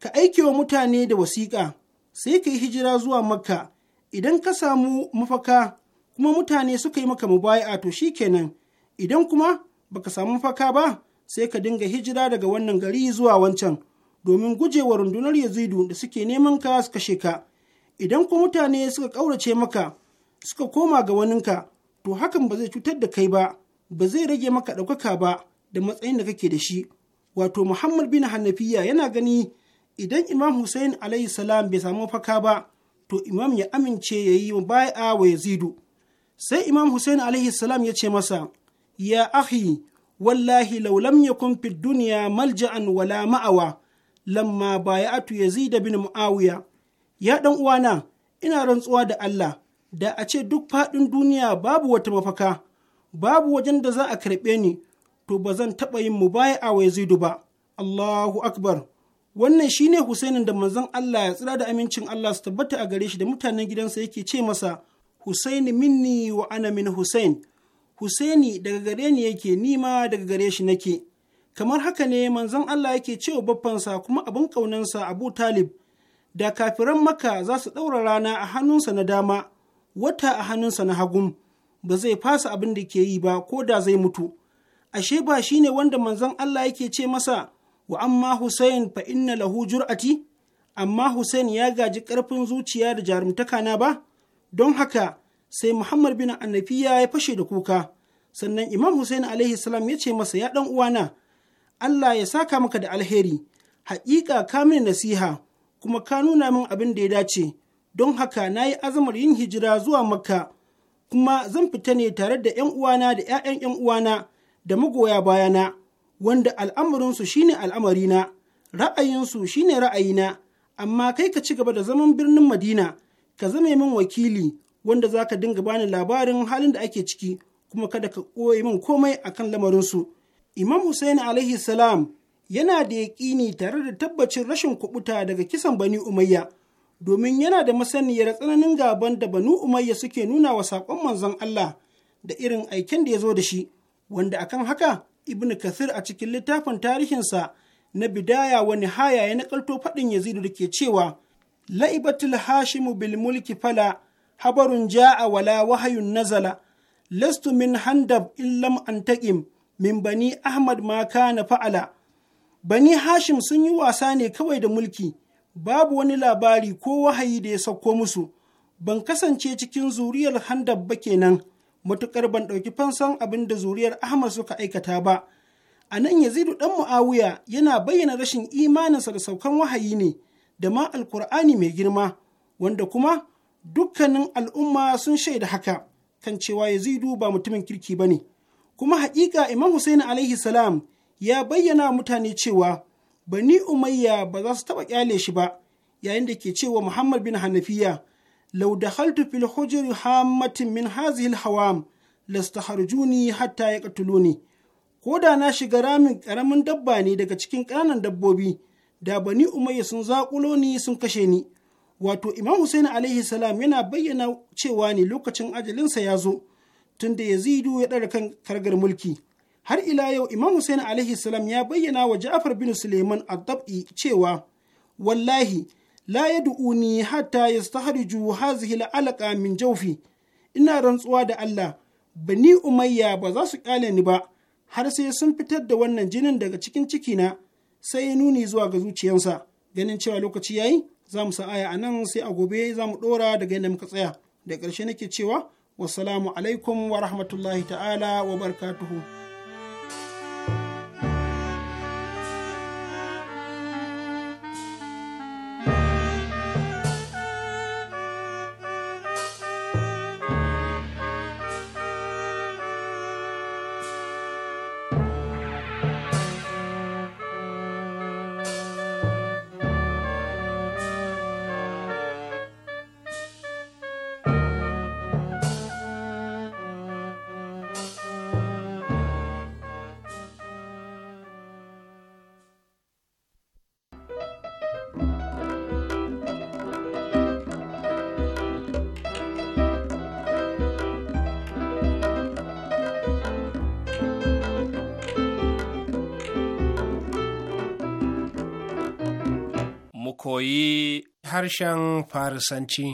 Speaker 6: Ka aike wa mutane da wasiƙa, sai ka yi hijira zuwa makka idan ka samu mafaka kuma mutane suka yi maka mubaya'a to shi kenan idan kuma baka samu mafaka ba sai ka dinga hijira daga wannan gari zuwa wancan domin gujewa rundunar yazidu da suke neman ka suka sheka idan kuma mutane suka ƙaurace maka suka koma ga waninka to hakan ba zai cutar da kai ba ba zai rage maka ɗaukaka ba da matsayin da kake da shi wato muhammad bin hannafiya yana gani idan imam hussein alayhi salam bai samu mafaka ba to imam ya amince ya yi bai'a wa yazidu sai imam hussein alayhi salam ya ce masa ya ahi wallahi law lam yakun duniya dunya malja'an wala ma'awa lamma bayatu yazid bin muawiya ya dan uwana ina rantsuwa da Allah da a ce duk faɗin duniya babu wata mafaka babu wajen da za a karɓe ni to ba zan taɓa yin mubaya wa yazidu ba Allahu akbar wannan shine Husainin da manzon Allah ya tsira da amincin Allah su tabbata a gare shi da mutanen gidansa yake ce masa Husaini minni wa ana min Husain Husaini daga gare ni yake nima daga gare shi nake kamar haka ne manzon Allah yake ce wa baffansa kuma abin kaunansa Abu Talib da kafiran maka za su ɗaura rana a hannunsa na dama wata a hannunsa na hagun ba zai fasa abin da ke yi ba ko da zai mutu ashe ba shine wanda manzon Allah yake ce masa wa amma Hussein fa inna lahu jur'ati amma Hussein ya gaji ƙarfin zuciya da jarumtaka na ba don haka sai Muhammad bin Annafiya ya fashe da kuka sannan Imam Hussein alaihi salam ya ce masa ya dan uwana Allah ya saka maka da alheri haƙiƙa ka mini nasiha kuma ka nuna min abin da ya dace don haka na yi azamar yin hijira zuwa makka kuma zan fita ne tare da 'yan uwana da 'ya'yan 'yan uwana da magoya bayana wanda shi shine al'amarina ra'ayinsu shi shine ra'ayina amma kai ka ci gaba da zaman birnin madina ka zama min wakili wanda za ka dinga bani labarin halin da ake ciki kuma kada ka ƙoye min komai a kan lamarinsu imam hussein alaihi salam yana da yaƙini tare da tabbacin rashin kuɓuta daga kisan bani umayya domin yana da masaniyar tsananin gaban da bani umayya suke nuna wa saƙon manzon allah da irin aiken da ya zo da shi wanda akan haka ibn kathir a cikin littafin tarihinsa na bidaya wani haya ya nakalto faɗin yazidu da ke cewa la'ibatul hashimu bil mulki fala habarun ja'a wala wahayun nazala lastu min handab illam antaqim min bani ahmad ma kana fa'ala bani hashim sun yi wasa ne kawai da mulki babu wani labari ko wahayi da ya sauko musu ban kasance cikin zuriyar handab ba kenan matuƙar ban ɗauki fansan abin da zuriyar Ahmad suka aikata ba. A nan Yazidu ɗan Mu'awiya yana bayyana rashin imaninsa da saukan wahayi ne da ma Alƙur'ani mai girma, wanda kuma dukkanin al'umma sun shaida haka kan cewa Yazidu ba mutumin kirki ba ne. Kuma haƙiƙa Imam Hussein alaihi salam ya bayyana mutane cewa Bani Umayya ba za su taɓa ƙyale shi ba, yayin da ke cewa Muhammad bin Hanafiya لو دخلت في الحجر هامة من هذه الحوام لاستخرجوني حتى يقتلوني koda na shiga ramin ƙaramin dabba ne daga cikin ƙananan dabbobi da bani umayya sun zaƙulo ni sun kashe ni wato imam husain alaihi yana bayyana cewa ne lokacin ajalinsa ya zo tunda yazidu ya ɗara kan kargar mulki har ila yau imam Hussein alaihi ya bayyana wa Ja'far bin Suleiman ad cewa wallahi la yad'uni hatta yastahriju hazihi al'alqa min jawfi ina rantsuwa da Allah bani umayya ba za su kyale ni ba har sai sun fitar da wannan jinin daga cikin cikina sai ya nuni zuwa ga zuciyansa ganin cewa lokaci yayi za mu sa a nan sai a gobe za mu ɗora daga yadda muka tsaya da ƙarshe nake cewa wassalamu alaikum wa rahmatullahi ta'ala wa barakatuhu.
Speaker 4: harshen Farisanci.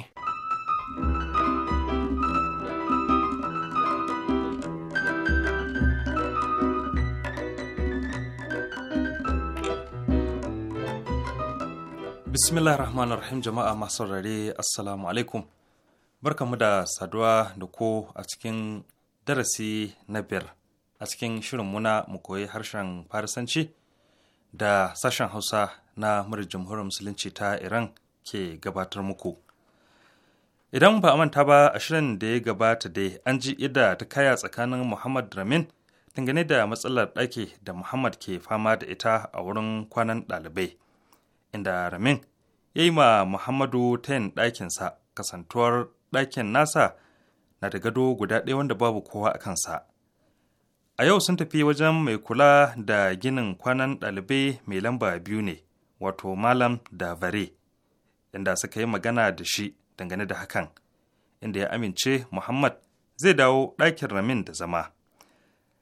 Speaker 5: Bismillah rahman rahim jama'a masu rare assalamu alaikum. Barkanmu da saduwa da ko a cikin darasi na biyar a cikin shirin muna mu koyi harshen Farisanci da sashen Hausa na murar jamhuriyar Musulunci ta Iran ke gabatar muku. Idan ba a manta ba a shirin da ya gabata dai an ji ida ta kaya tsakanin Muhammad Ramin dangane da matsalar ɗaki da Muhammad ke fama da ita a wurin kwanan ɗalibai. Inda Ramin ya yi ma Muhammadu ta tayin ɗakinsa kasantuwar ɗakin nasa na da gado guda ɗaya wanda babu kowa a kansa. A yau sun tafi wajen mai kula da ginin kwanan ɗalibai mai lamba biyu ne, wato Malam da inda suka yi magana da shi dangane da hakan inda ya amince muhammad zai dawo ɗakin ramin da zama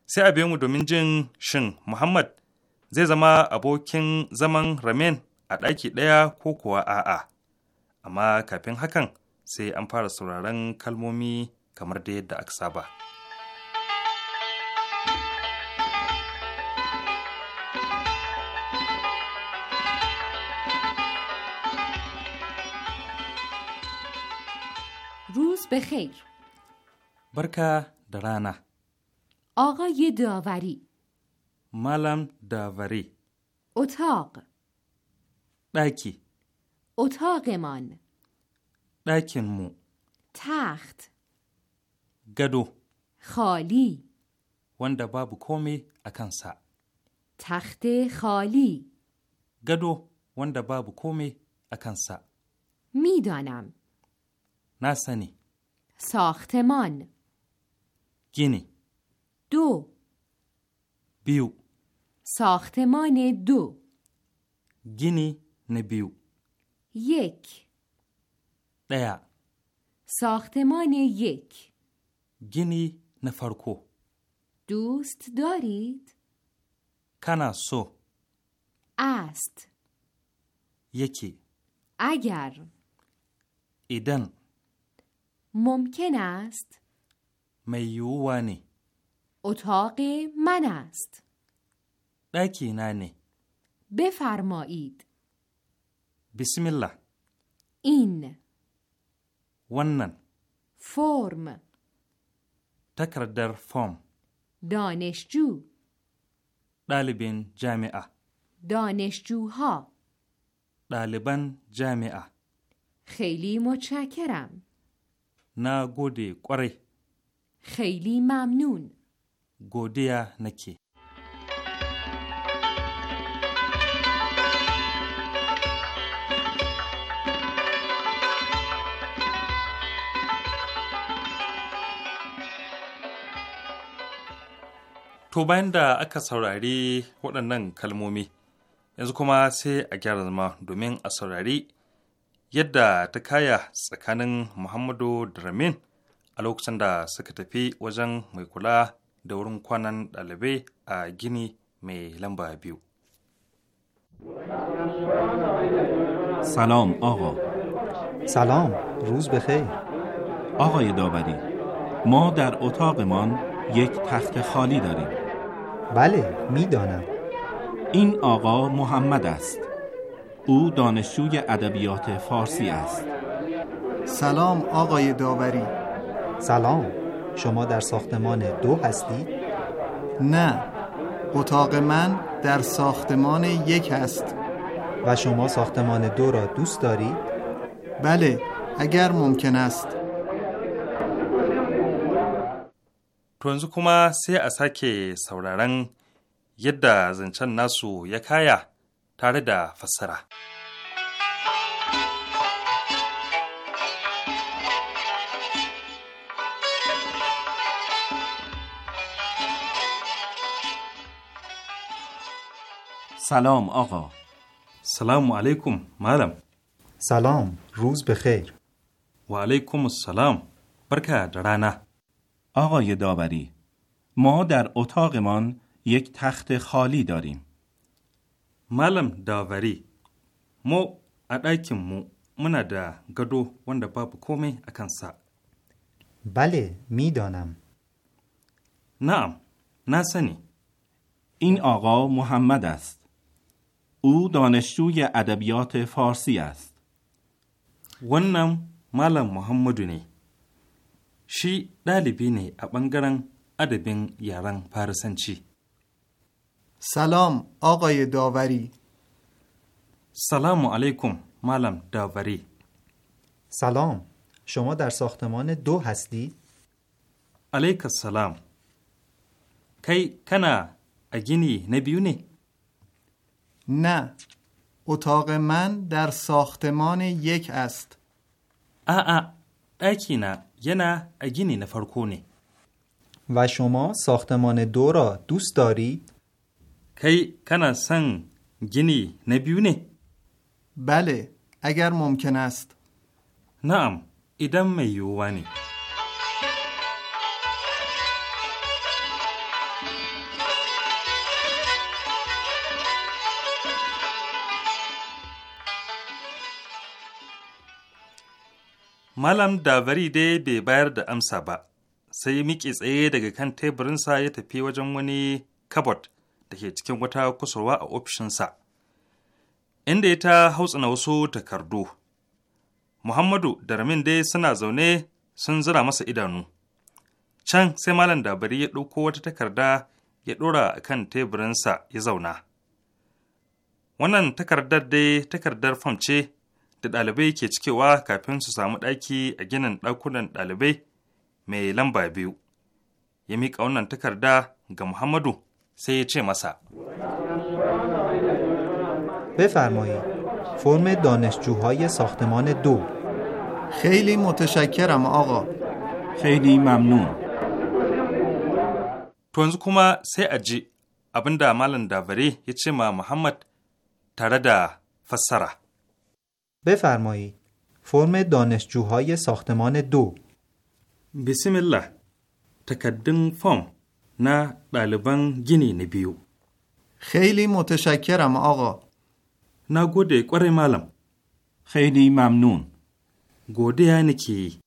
Speaker 5: sai a biyo mu domin jin shin muhammad zai zama abokin zaman ramin a ɗaki ɗaya ko kuwa a'a amma kafin hakan sai an fara sauraron kalmomi kamar da yadda aka saba. بخیر برکه درانه
Speaker 7: آقای داوری
Speaker 5: ملم داوری
Speaker 7: اتاق داکی اتاقمان
Speaker 5: داکن مو
Speaker 7: تخت گدو خالی
Speaker 5: wanda babu kome a kansa.
Speaker 7: Takhte khali.
Speaker 5: Gado wanda babu kome a kansa. Na sani.
Speaker 7: ساختمان گینی دو بیو ساختمان دو
Speaker 5: گینی نبیو
Speaker 7: یک دیا ساختمان یک
Speaker 5: گینی نفرکو
Speaker 7: دوست دارید؟ سو است یکی اگر ایدن ممکن است
Speaker 5: میوانی
Speaker 7: اتاق من است
Speaker 5: دکی
Speaker 7: بفرمایید بسم الله این ونن فرم
Speaker 5: تکر در فرم
Speaker 7: دانشجو
Speaker 5: دالبین جامعه
Speaker 7: دانشجوها
Speaker 5: دالبان جامعه
Speaker 7: خیلی متشکرم
Speaker 5: na gode kwarai.
Speaker 7: Khaili mamnun.
Speaker 5: godiya nake. To bayan da aka saurari waɗannan kalmomi, yanzu kuma sai a gyara zama domin a saurari yadda ta kaya tsakanin Muhammadu da Ramin a lokacin da suka tafi wajen mai kula da wurin kwanan ɗalibai a gini mai lamba biyu.
Speaker 8: سلام آقا سلام روز بخیر آقای داوری ما در اتاقمان یک تخت خالی داریم بله میدانم این آقا محمد است او دانشجوی ادبیات فارسی است سلام آقای داوری سلام شما در ساختمان دو هستید؟ نه اتاق من در ساختمان یک است و شما ساختمان دو را دوست دارید؟ بله اگر ممکن است
Speaker 5: تو سه kuma sai a sake sauraron yadda یک nasu tare da
Speaker 8: سلام آقا
Speaker 5: سلام علیکم معلم
Speaker 8: سلام روز بخیر
Speaker 5: و علیکم السلام برکه درانه آقای داوری ما در اتاقمان یک تخت خالی داریم malam داوری mu a ɗakinmu muna da gado wanda babu komai a kansa.
Speaker 8: Bale, mi donam.
Speaker 5: Na'am, na sani. این آقا محمد است. او دانشجوی ادبیات فارسی است. wannan Malam Muhammadu ne, shi ɗalibi ne a ɓangaren adabin yaren Farisanci. سلام آقای داوری سلام علیکم معلم داوری سلام
Speaker 8: شما در ساختمان دو هستی؟
Speaker 5: علیک السلام کی کنا اگینی نبیونی؟ نه اتاق من در ساختمان یک است آ آ اکی نه یه نه اگینی نفرکونی
Speaker 8: و شما ساختمان دو را دوست دارید؟ Kai kana کی کنا سن گینی
Speaker 5: نبیونه؟ بله اگر Na'am, idan mai ایدم ne. Malam Davari dai bai bayar da amsa ba, sai miƙe tsaye daga kan teburinsa ya tafi wajen wani kabot da ke cikin wata kusurwa a ofishinsa, inda ya ta hautsina wasu takardu. Muhammadu da Ramin dai suna zaune sun zira masa idanu. Can sai Malam Dabari ya ɗauko wata takarda ya ɗora a kan teburinsa ya zauna. Wannan takardar dai takardar fam ce da ɗalibai ke cikewa kafin su samu ɗaki a ginin ɗakunan ɗalibai mai lamba biyu. Ya miƙa wannan takarda ga Muhammadu سه چه
Speaker 8: بفرمایید فرم دانشجوهای ساختمان دو خیلی متشکرم آقا خیلی ممنون
Speaker 5: تونز کما سه اجی ابن دا مالن داوری یچه ما محمد تردا فسرا
Speaker 8: بفرمایید فرم دانشجوهای ساختمان دو بسم الله تکدن فرم
Speaker 5: Na ɗaliban gini na biyu. خیلی متشکرم آقا. Na gode kwarai malam. خیلی ممنون. Godiya nake yi.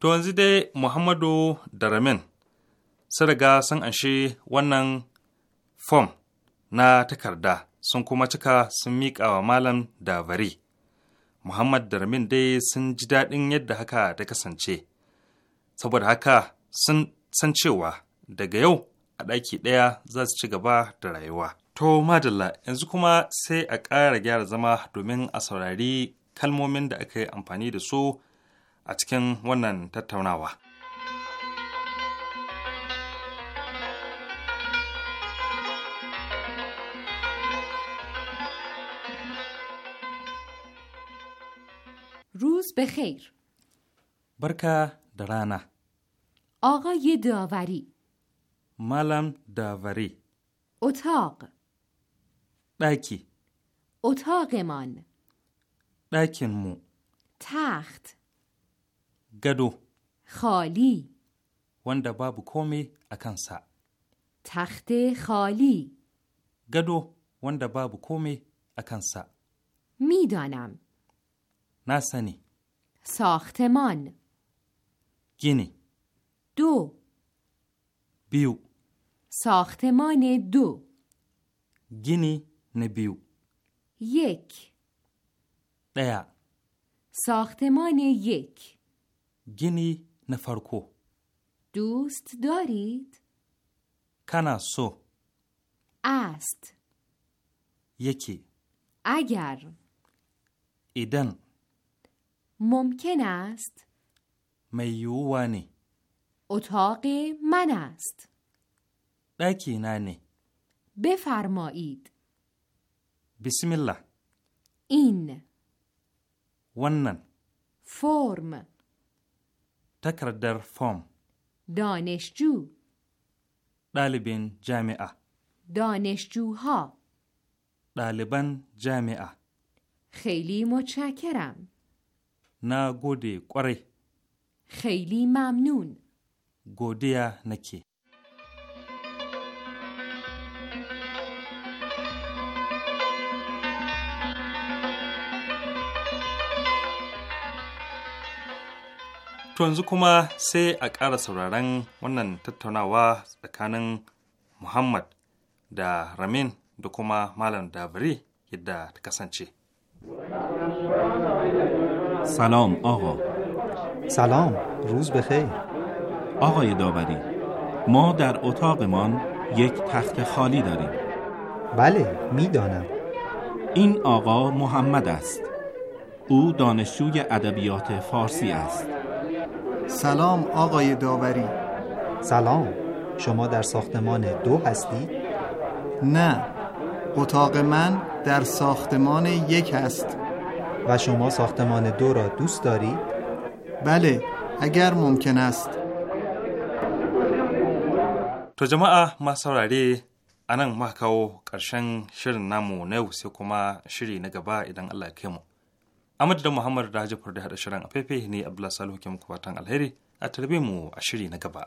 Speaker 5: To yanzu dai Muhammadu da Ramin sun riga sun anshi wannan fom na takarda sun kuma cika sun miƙa wa malam dabari, Muhammad da Ramin dai sun ji daɗin yadda haka ta kasance. Saboda haka sun san cewa daga yau a ɗaki ɗaya za su ci gaba da rayuwa. To madalla yanzu kuma sai a ƙara gyara zama domin a saurari kalmomin da aka yi amfani da su a cikin wannan tattaunawa. Bekhair Barka da rana.
Speaker 7: آقای داوری
Speaker 5: ملم داوری
Speaker 7: اتاق داکی اتاق من مو تخت گدو خالی
Speaker 5: وند باب کومی اکنسا
Speaker 7: تخت خالی
Speaker 5: گدو وند بابو کومی اکنسا
Speaker 7: می دانم ساختمان گینی دو بیو ساختمان دو
Speaker 5: گینی نبیو یک دیا
Speaker 7: ساختمان یک
Speaker 5: گینی نفرکو
Speaker 7: دوست دارید؟
Speaker 5: کنا سو
Speaker 7: است یکی اگر ایدن ممکن است
Speaker 5: میوانی
Speaker 7: اتاق من است.
Speaker 5: بکی ننی.
Speaker 7: بفرمایید. بسم الله. این. ونن. فرم.
Speaker 5: تکر در فرم.
Speaker 7: دانشجو.
Speaker 5: دالبین جامعه.
Speaker 7: دانشجوها.
Speaker 5: دالبان جامعه.
Speaker 7: خیلی متشکرم.
Speaker 5: نگودی قره.
Speaker 7: خیلی ممنون.
Speaker 5: godiya nake To yanzu kuma sai a ƙara sauraron wannan tattaunawa tsakanin Muhammad da Ramin da kuma Malam Dabiri yadda ta kasance.
Speaker 8: Salam, آقا Salam, Ruz آقای داوری ما در اتاقمان یک تخت خالی داریم بله میدانم این آقا محمد است او دانشجوی ادبیات فارسی است سلام آقای داوری سلام شما در ساختمان دو هستی؟ نه اتاق من در ساختمان یک هست و شما ساختمان دو را دوست دارید؟ بله اگر ممکن است
Speaker 5: To jama'a masu saurare a nan ma kawo ƙarshen shirin namu na yau sai kuma shiri na gaba idan Allah ya mu. Ahmad da Muhammad da Hajji da haɗa shirin a ne Abdullahi Salihu ke muku fatan alheri a tarbe mu a shiri na gaba.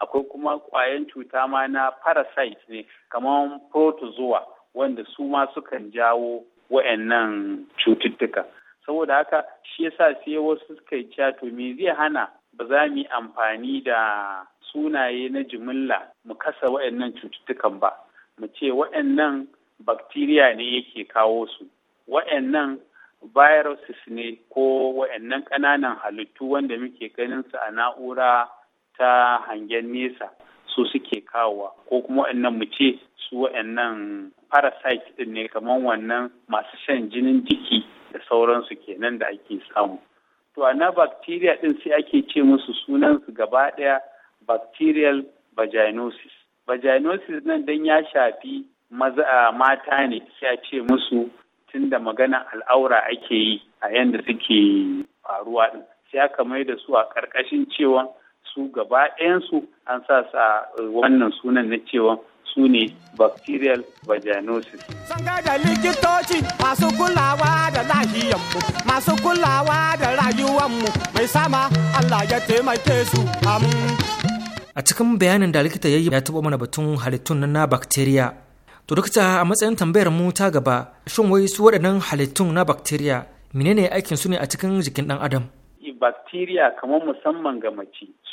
Speaker 9: akwai kuma ƙwayan cuta ma na parasite ne kamar protozoa wanda su ma sukan jawo wa'annan cututtuka saboda haka shi yasa sai wasu suka yi to me zai hana ba za mu yi amfani da sunaye na jimilla mu kasa wa'annan cututtukan ba mu ce wa'annan bakteriya ne yake kawo su wa'annan viruses ne ko wa'annan ƙananan halittu wanda muke ganin su a na'ura ta hangen nesa su suke kawowa ko kuma waɗannan mu ce su waɗannan parasite ɗin ne kamar wannan masu shan jinin jiki da sauransu kenan da ake samu to na bacteria din sai ake ce musu sunansu gaba ɗaya bacterial vaginosis vaginosis nan dan ya shafi maza mata ne sai a ce musu tunda magana al'aura ake yi a yanda suke faruwa ɗin sai aka mai da su a ƙarƙashin cewa su gaba ɗayansu an sa sa eh, wannan sunan na cewa su ne bacterial vaginosis.
Speaker 2: Sun da likitoci masu kulawa da lahiyanmu, masu kulawa da rayuwanmu mai sama Allah ya taimake su
Speaker 1: A cikin bayanin da likita ya yi ya taɓa mana batun halittun na bacteria. To dokta a matsayin tambayar mu ta gaba, shin wai su waɗannan halittun na bacteria menene aikin su ne a cikin jikin ɗan adam?
Speaker 9: Bacteria kamar musamman ga mace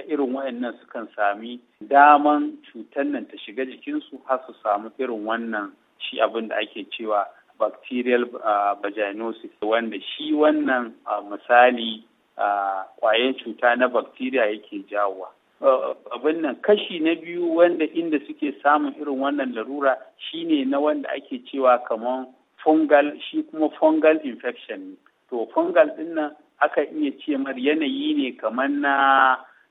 Speaker 9: ta irin wayannan sukan sami daman cutar nan ta shiga jikinsu har su samu irin wannan shi abin da ake cewa bacterial ah, vaginosis wanda shi wannan ah, misali ah, kwayan cuta na bacteria yake jawowa. abin nan kashi na biyu wanda inda suke samun irin wannan larura shine na wanda ake cewa kamar fungal shi kuma fungal infection to fungal din nan aka iya ce mar yanayi ne kamar na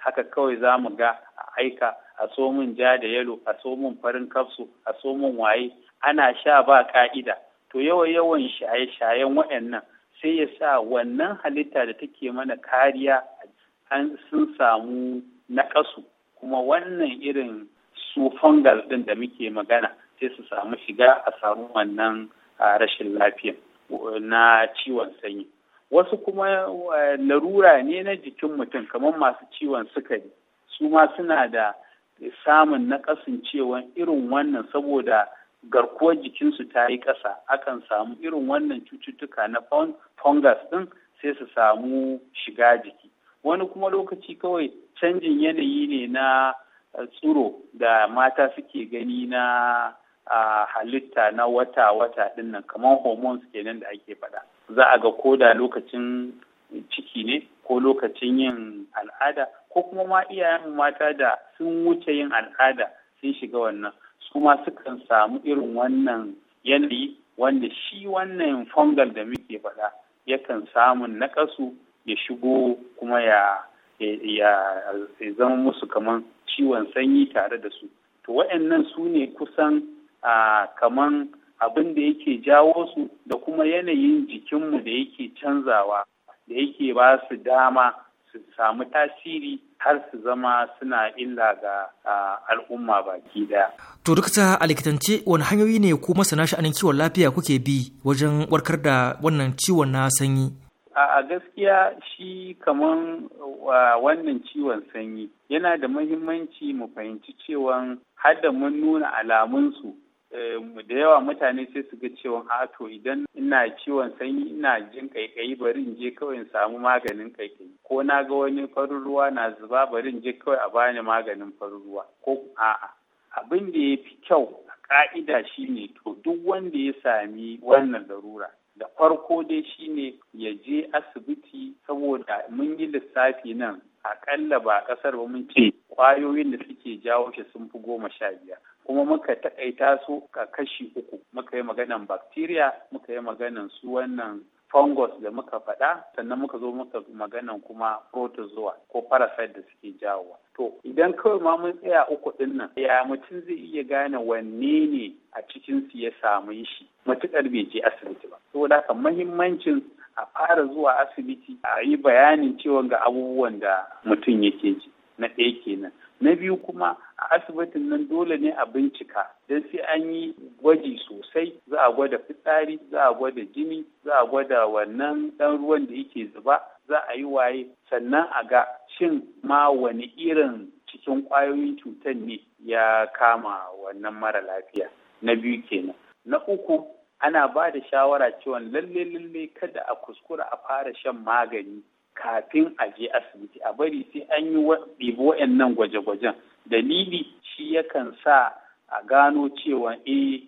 Speaker 9: haka kawai za mu ga a aika a so min ja da yalo a so min farin kafsu a so waye ana sha ba ka'ida to yawan yawan shaye-shayen waɗannan sai ya sa wannan halitta da take mana kariya an sun samu naƙasu kuma wannan irin su fungal ɗin da muke magana sai su samu shiga a samu wannan rashin lafiya na ciwon sanyi. wasu kuma larura ne na jikin mutum kamar masu ciwon sukari su ma suna da samun na kasancewan irin wannan saboda garkuwar jikinsu ta yi ƙasa akan samu irin wannan cututtuka na fungus ɗin sai su samu shiga jiki wani kuma lokaci kawai canjin yanayi ne na eh, tsiro da mata suke gani na ah, halitta na wata-wata ɗinnan kamar hormones kenan da ake faɗa za a ga ko da lokacin ciki ne ko lokacin yin al'ada ko kuma ma iyayen mata da sun wuce yin al'ada sun shiga wannan su ma sukan samu irin wannan yanayi wanda shi wannan fungal da muke faɗa yakan samun naƙasu ya shigo kuma ya zama musu kaman ciwon sanyi tare da su to waɗannan su ne kusan ah, kaman abin da yake jawo su da kuma yanayin jikinmu da yake canzawa da yake ba su dama su samu tasiri har su zama suna illa ga al'umma baki daya.
Speaker 1: To duk ta a likitance wani hanyoyi ne ko masana sha'anin kiwon lafiya kuke bi wajen warkar da wannan ciwon na sanyi?
Speaker 9: A gaskiya shi kamar wannan ciwon sanyi yana da muhimmanci mu fahimci cewa har da mun nuna alamunsu Eh, da yawa mutane sai su ga cewa a to idan ina ciwon sanyi ina jin kaikayi bari in je kawai in samu maganin kaikayi ko na ga wani farin ruwa na zuba bari in je kawai a bani maganin farin ruwa ko a'a abin da ya fi kyau a ka'ida shine to duk wanda ya sami wannan larura da farko dai shine ya je asibiti saboda mun yi lissafi nan akalla ba a ƙasar ba mun ce kwayoyin da suke jawo shi sun fi goma sha biyar kuma muka taƙaita su ka kashi uku muka yi maganan bacteria muka yi maganan su wannan fungus da muka faɗa sannan muka zo muka maganan kuma protozoa ko parasite da suke jawowa to idan kawai ma mun tsaya uku ɗinnan. nan ya mutum zai iya gane wanne ne a cikinsu ya samu shi matukar bai je asibiti ba saboda haka mahimmancin a fara zuwa asibiti a yi bayanin cewa ga abubuwan da mutum yake ji na ɗaya kenan na biyu kuma a asibitin nan dole ne a bincika don sai an yi gwaji sosai za a gwada fitsari za a gwada jini za a gwada wannan ɗan ruwan da yake zuba za a yi waye sannan a ga shin ma wani irin cikin ƙwayoyin cutar ne ya kama wannan mara lafiya na biyu kenan na uku ana ba da shawara cewa lalle lalle kada a kuskura a fara shan magani kafin a je asibiti a bari sai an yi ɗibi nan gwaje-gwajen dalili shi yakan sa a gano cewa eh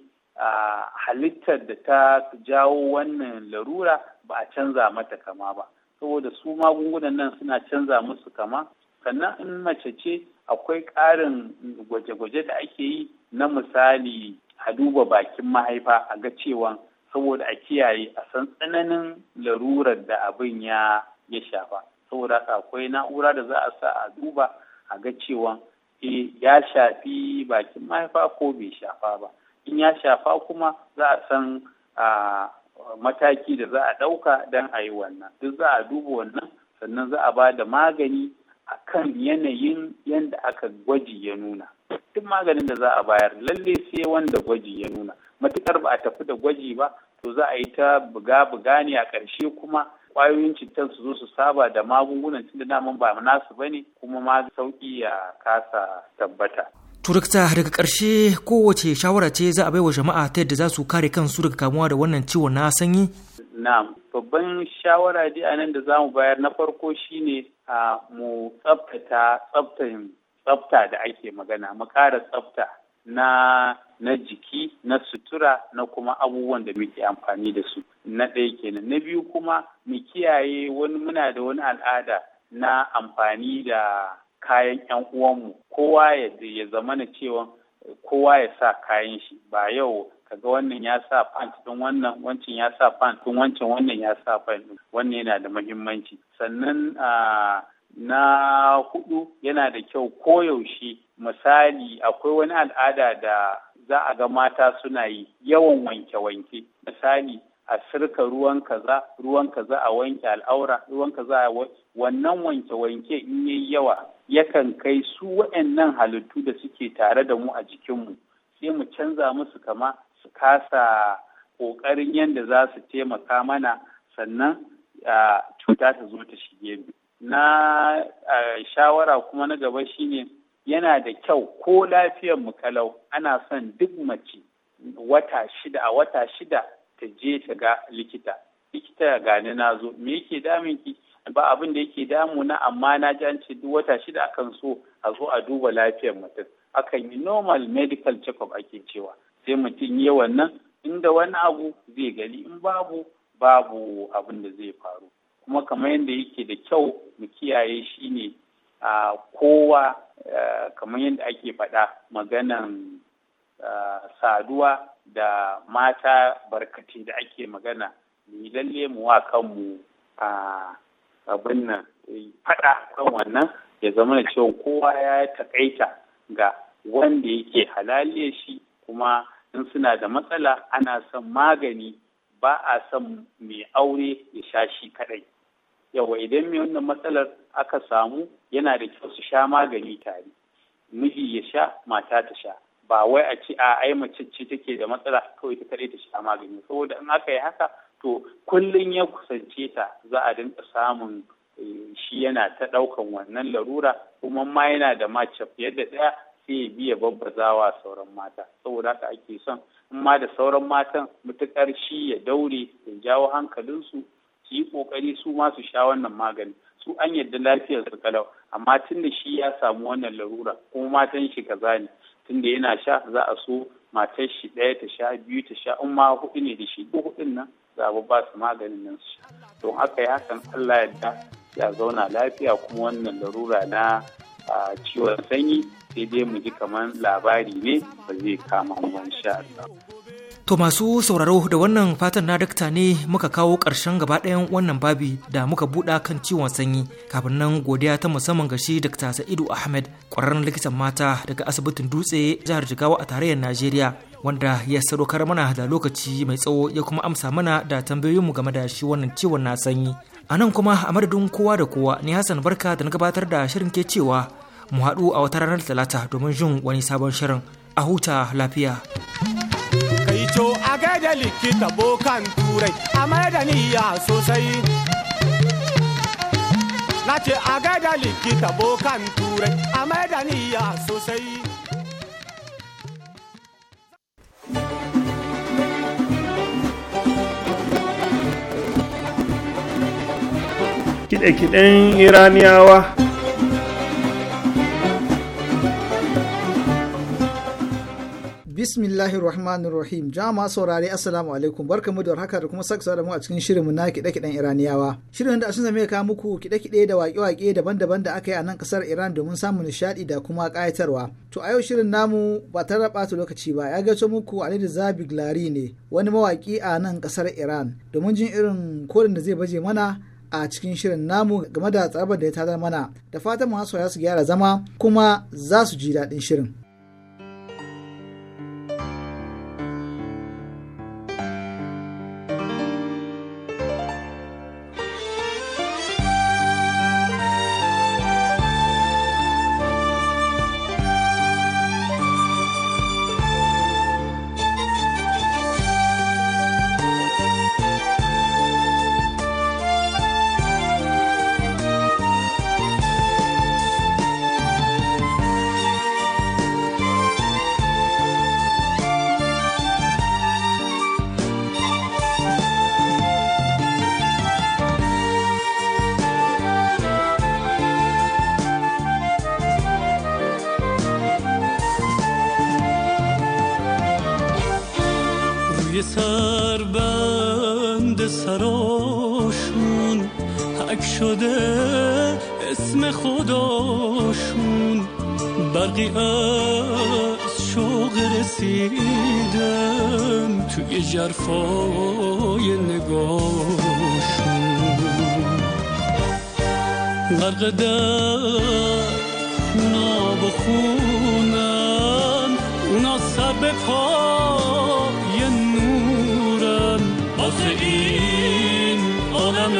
Speaker 9: halittar da ta jawo wannan larura ba a canza mata kama ba saboda su magungunan nan suna canza musu kama sannan in mace ce akwai ƙarin gwaje-gwaje da ake yi na misali a duba bakin mahaifa a ga cewa saboda a kiyaye a san tsananin larurar da abin ya ya shafa saboda akwai na'ura da za a sa a duba a ga cewa eh, ya shafi bakin mahaifa ko bai shafa ba in ya shafa kuma za a san a mataki da za a ɗauka don a yi wannan duk za a duba wannan sannan za a ba da magani a kan yanayin yadda aka gwaji ya nuna duk maganin da za a bayar lalle sai wanda gwaji ya nuna matukar ba a tafi da gwaji ba to za a yi ta buga buga ne a ƙarshe kuma ƙwayoyin cutar su zo su saba da magungunan tunda naman ba nasu bane kuma ma sauƙi ya kasa tabbata
Speaker 1: turukta daga ƙarshe kowace shawara ce za a baiwa jama'a ta yadda za su kare kansu daga kamuwa da wannan ciwon na sanyi
Speaker 9: na'am babban shawara dai anan da za mu bayar na farko shine a mu tsabtata tsabtan tsafta da ake magana mu kara tsabta na na jiki na sutura na kuma abubuwan da muke amfani da su na ɗaya kenan na biyu kuma mu kiyaye wani muna da wani al'ada na amfani da kayan 'yan uwanmu kowa ya zama na cewa kowa ya sa kayan shi ba yau kaga wannan ya sa pant din wannan wancin ya sa pant din wancan wannan ya sa pant wannan yana da muhimmanci sannan ah, na hudu yana da kyau koyaushe misali akwai wani al'ada da za a ga mata suna yi yawan wanke-wanke misali a sirka ruwan kaza ruwan kaza a wanke al'aura ruwan kaza a wannan wanke-wanke in yi yawa yakan kai su waɗannan halittu da suke tare da mu a jikinmu sai mu canza musu kama su kasa ƙoƙarin yadda za su taimaka mana sannan cuta ta zo ta shige mu na shawara kuma na gaba shine yana da kyau ko lafiyar mu kalau ana son duk mace wata shida a wata shida ta je ta ga likita likita gani na zo me yake damun ki ba abin da yake damuna amma na ji duk wata shida akan so a zo a duba lafiyar mutum akan yi normal medical check-up ake cewa sai mutum yi wannan inda wani abu zai gani in babu babu abin da zai faru kuma kamar yadda yake da kyau mu kiyaye shine a kowa Eh, kamar yadda ake faɗa maganan eh, saduwa da mata barkati da ake magana ni lalle mu wa kanmu a ah, abin nan faɗa kan wannan
Speaker 10: ya zama da cewa
Speaker 9: kowa ya taƙaita ga wanda yake halaliya shi kuma in suna da matsala ana son magani ba a son mai aure ya sha shi kaɗai yawa idan mai wannan matsalar aka samu yana da kyau su sha magani tare miji ya sha mata ta sha ba wai a ce a ai mace ce take da matsala kawai ta kaɗai ta sha magani saboda in aka yi haka to kullum ya kusance ta za a dinka samun eh, shi yana ta ɗaukan wannan larura kuma ma yana da mace fiye da ɗaya sai ya biya babbazawa sauran mata saboda haka ake son in ma da sauran matan mutukar shi ya daure ya jawo hankalinsu su yi kokari su ma su sha wannan magani su an yarda lafiyar su kalau amma tun da shi ya samu wannan larura kuma matan shi kaza ne tun da yana sha za a so matar shi ɗaya ta sha biyu ta sha in ma hudu ne da shi ko hudun nan za a ba su maganin nan su don haka ya hakan Allah yadda ya zauna lafiya kuma wannan larura na ciwon sanyi sai dai mu ji kamar labari ne ba zai kama mu insha Allah
Speaker 1: To masu sauraro da wannan fatan na dakta ne muka kawo ƙarshen gaba ɗayan wannan babi da muka buɗa kan ciwon sanyi kafin nan godiya ta musamman ga shi dakta Sa'idu Ahmed ƙwararren likitan mata daga asibitin dutse jihar Jigawa a tarayyar Najeriya wanda ya sadaukar mana da lokaci mai tsawo ya kuma amsa mana da tambayoyinmu game da shi wannan ciwon na sanyi. A nan kuma a madadin kowa da kowa ni Hassan Barka da na gabatar da shirin ke cewa mu haɗu a wata ranar Talata domin jin wani sabon shirin a huta lafiya. to a gaida
Speaker 2: likita bokan turai a mai da niyya sosai na ce a gaida likita bokan turai a mai da niyya sosai
Speaker 3: kiɗe-kiɗen iraniyawa
Speaker 11: bismillahi rahmanir rahim saurare assalamu alaikum barkamu da haka da kuma sake da mu a cikin shirin mu na kiɗe-kiɗen iraniyawa shirin da sun zame ka muku kiɗe-kiɗe da waƙe-waƙe daban-daban da aka yi a nan ƙasar iran domin samun nishaɗi da kuma ƙayatarwa to a yau shirin namu ba ta raba lokaci ba ya gaito muku alidu zabi glari ne wani mawaƙi a nan kasar iran domin jin irin korin da zai baje mana a cikin shirin namu game da tsarabar da ya tazar mana da fatan masu su gyara zama kuma za su ji daɗin shirin.
Speaker 12: شده اسم خداشون برقی از شوق رسیدن توی جرفای نگاهشون غرق در اونا بخونن اونا سر به پای نورن آخه این عالم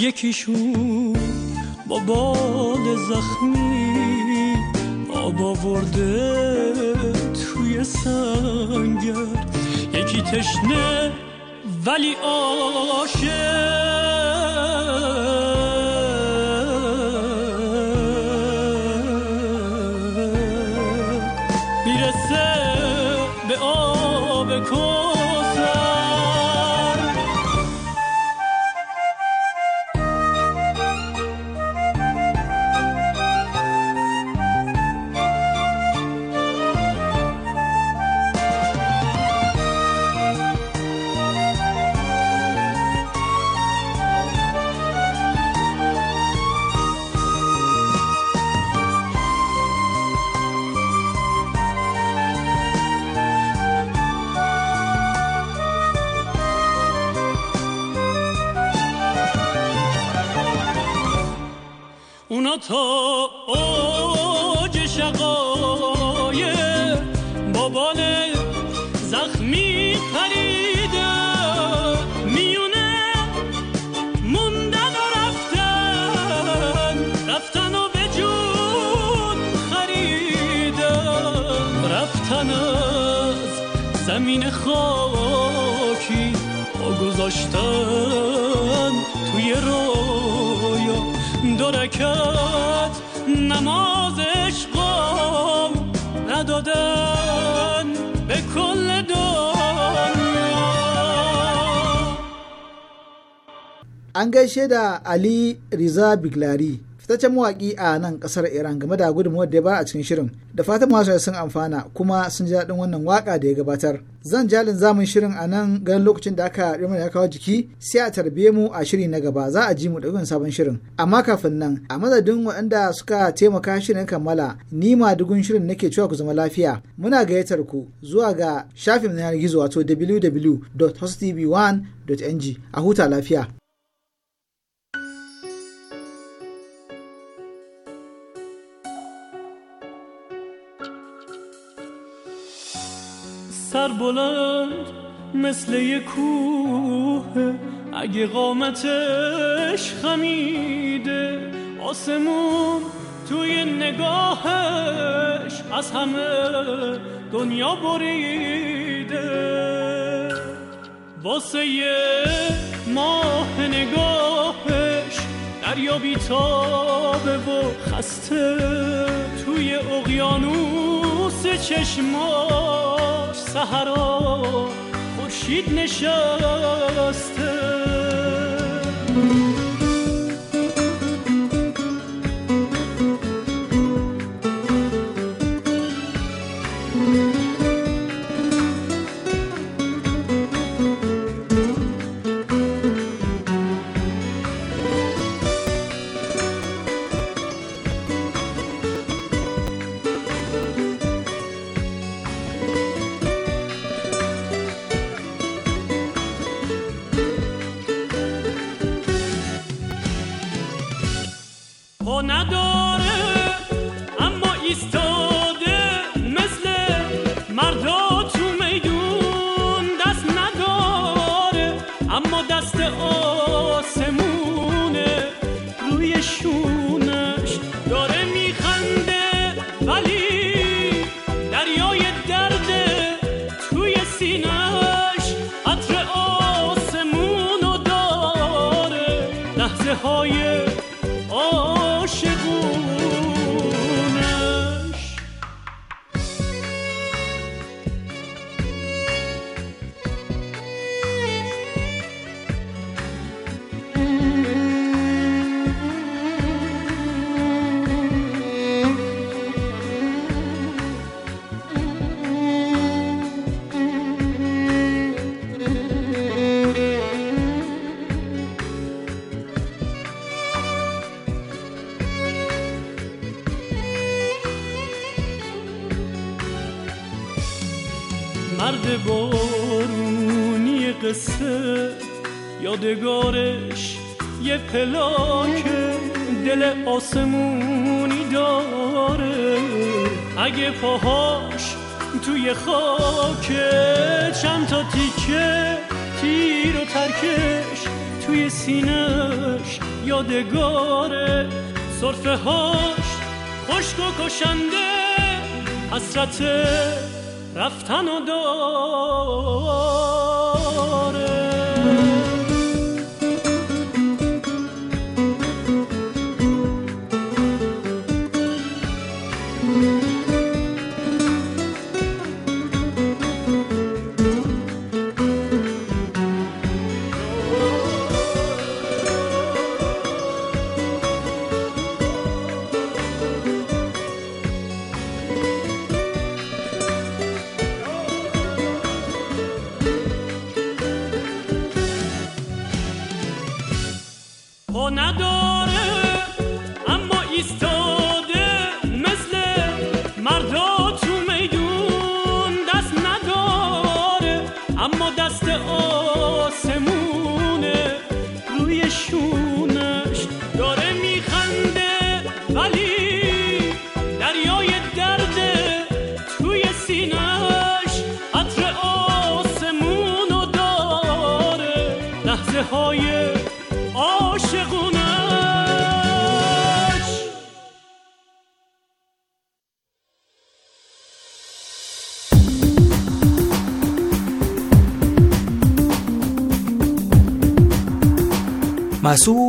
Speaker 12: یکیشون با بال زخمی آب آورده توی سنگر یکی تشنه ولی آشه. تا اوج شقای بابان زخمی پریده میونه موندن و رفتن رفتن و به جون رفتن از زمین خاکی و گذاشتن توی رو درکت نماز عشقم ندادن به کل دنیا
Speaker 11: انگشه دا علی رضا بگلاری fitaccen mawaƙi a nan ƙasar iran game da gudunmuwar da ya ba a cikin shirin da fatan masu sun amfana kuma sun ji daɗin wannan waƙa da ya gabatar zan jalin zamun shirin a nan ganin lokacin da aka rimar ya kawo jiki sai a tarbiye mu a shiri na gaba za a ji mu ɗaukan sabon shirin amma kafin nan a madadin waɗanda suka taimaka shirin kammala ni ma dugun shirin nake cewa ku zama lafiya muna gayyatar ku zuwa ga shafin yanar gizo wato www.hostv1.ng a huta lafiya.
Speaker 12: سر بلند مثل یه کوه اگه قامتش خمیده آسمون توی نگاهش از همه دنیا بریده واسه یه ماه نگاهش دریا بیتابه و خسته توی اقیانوس سه چشماش سهرا خورشید نشسته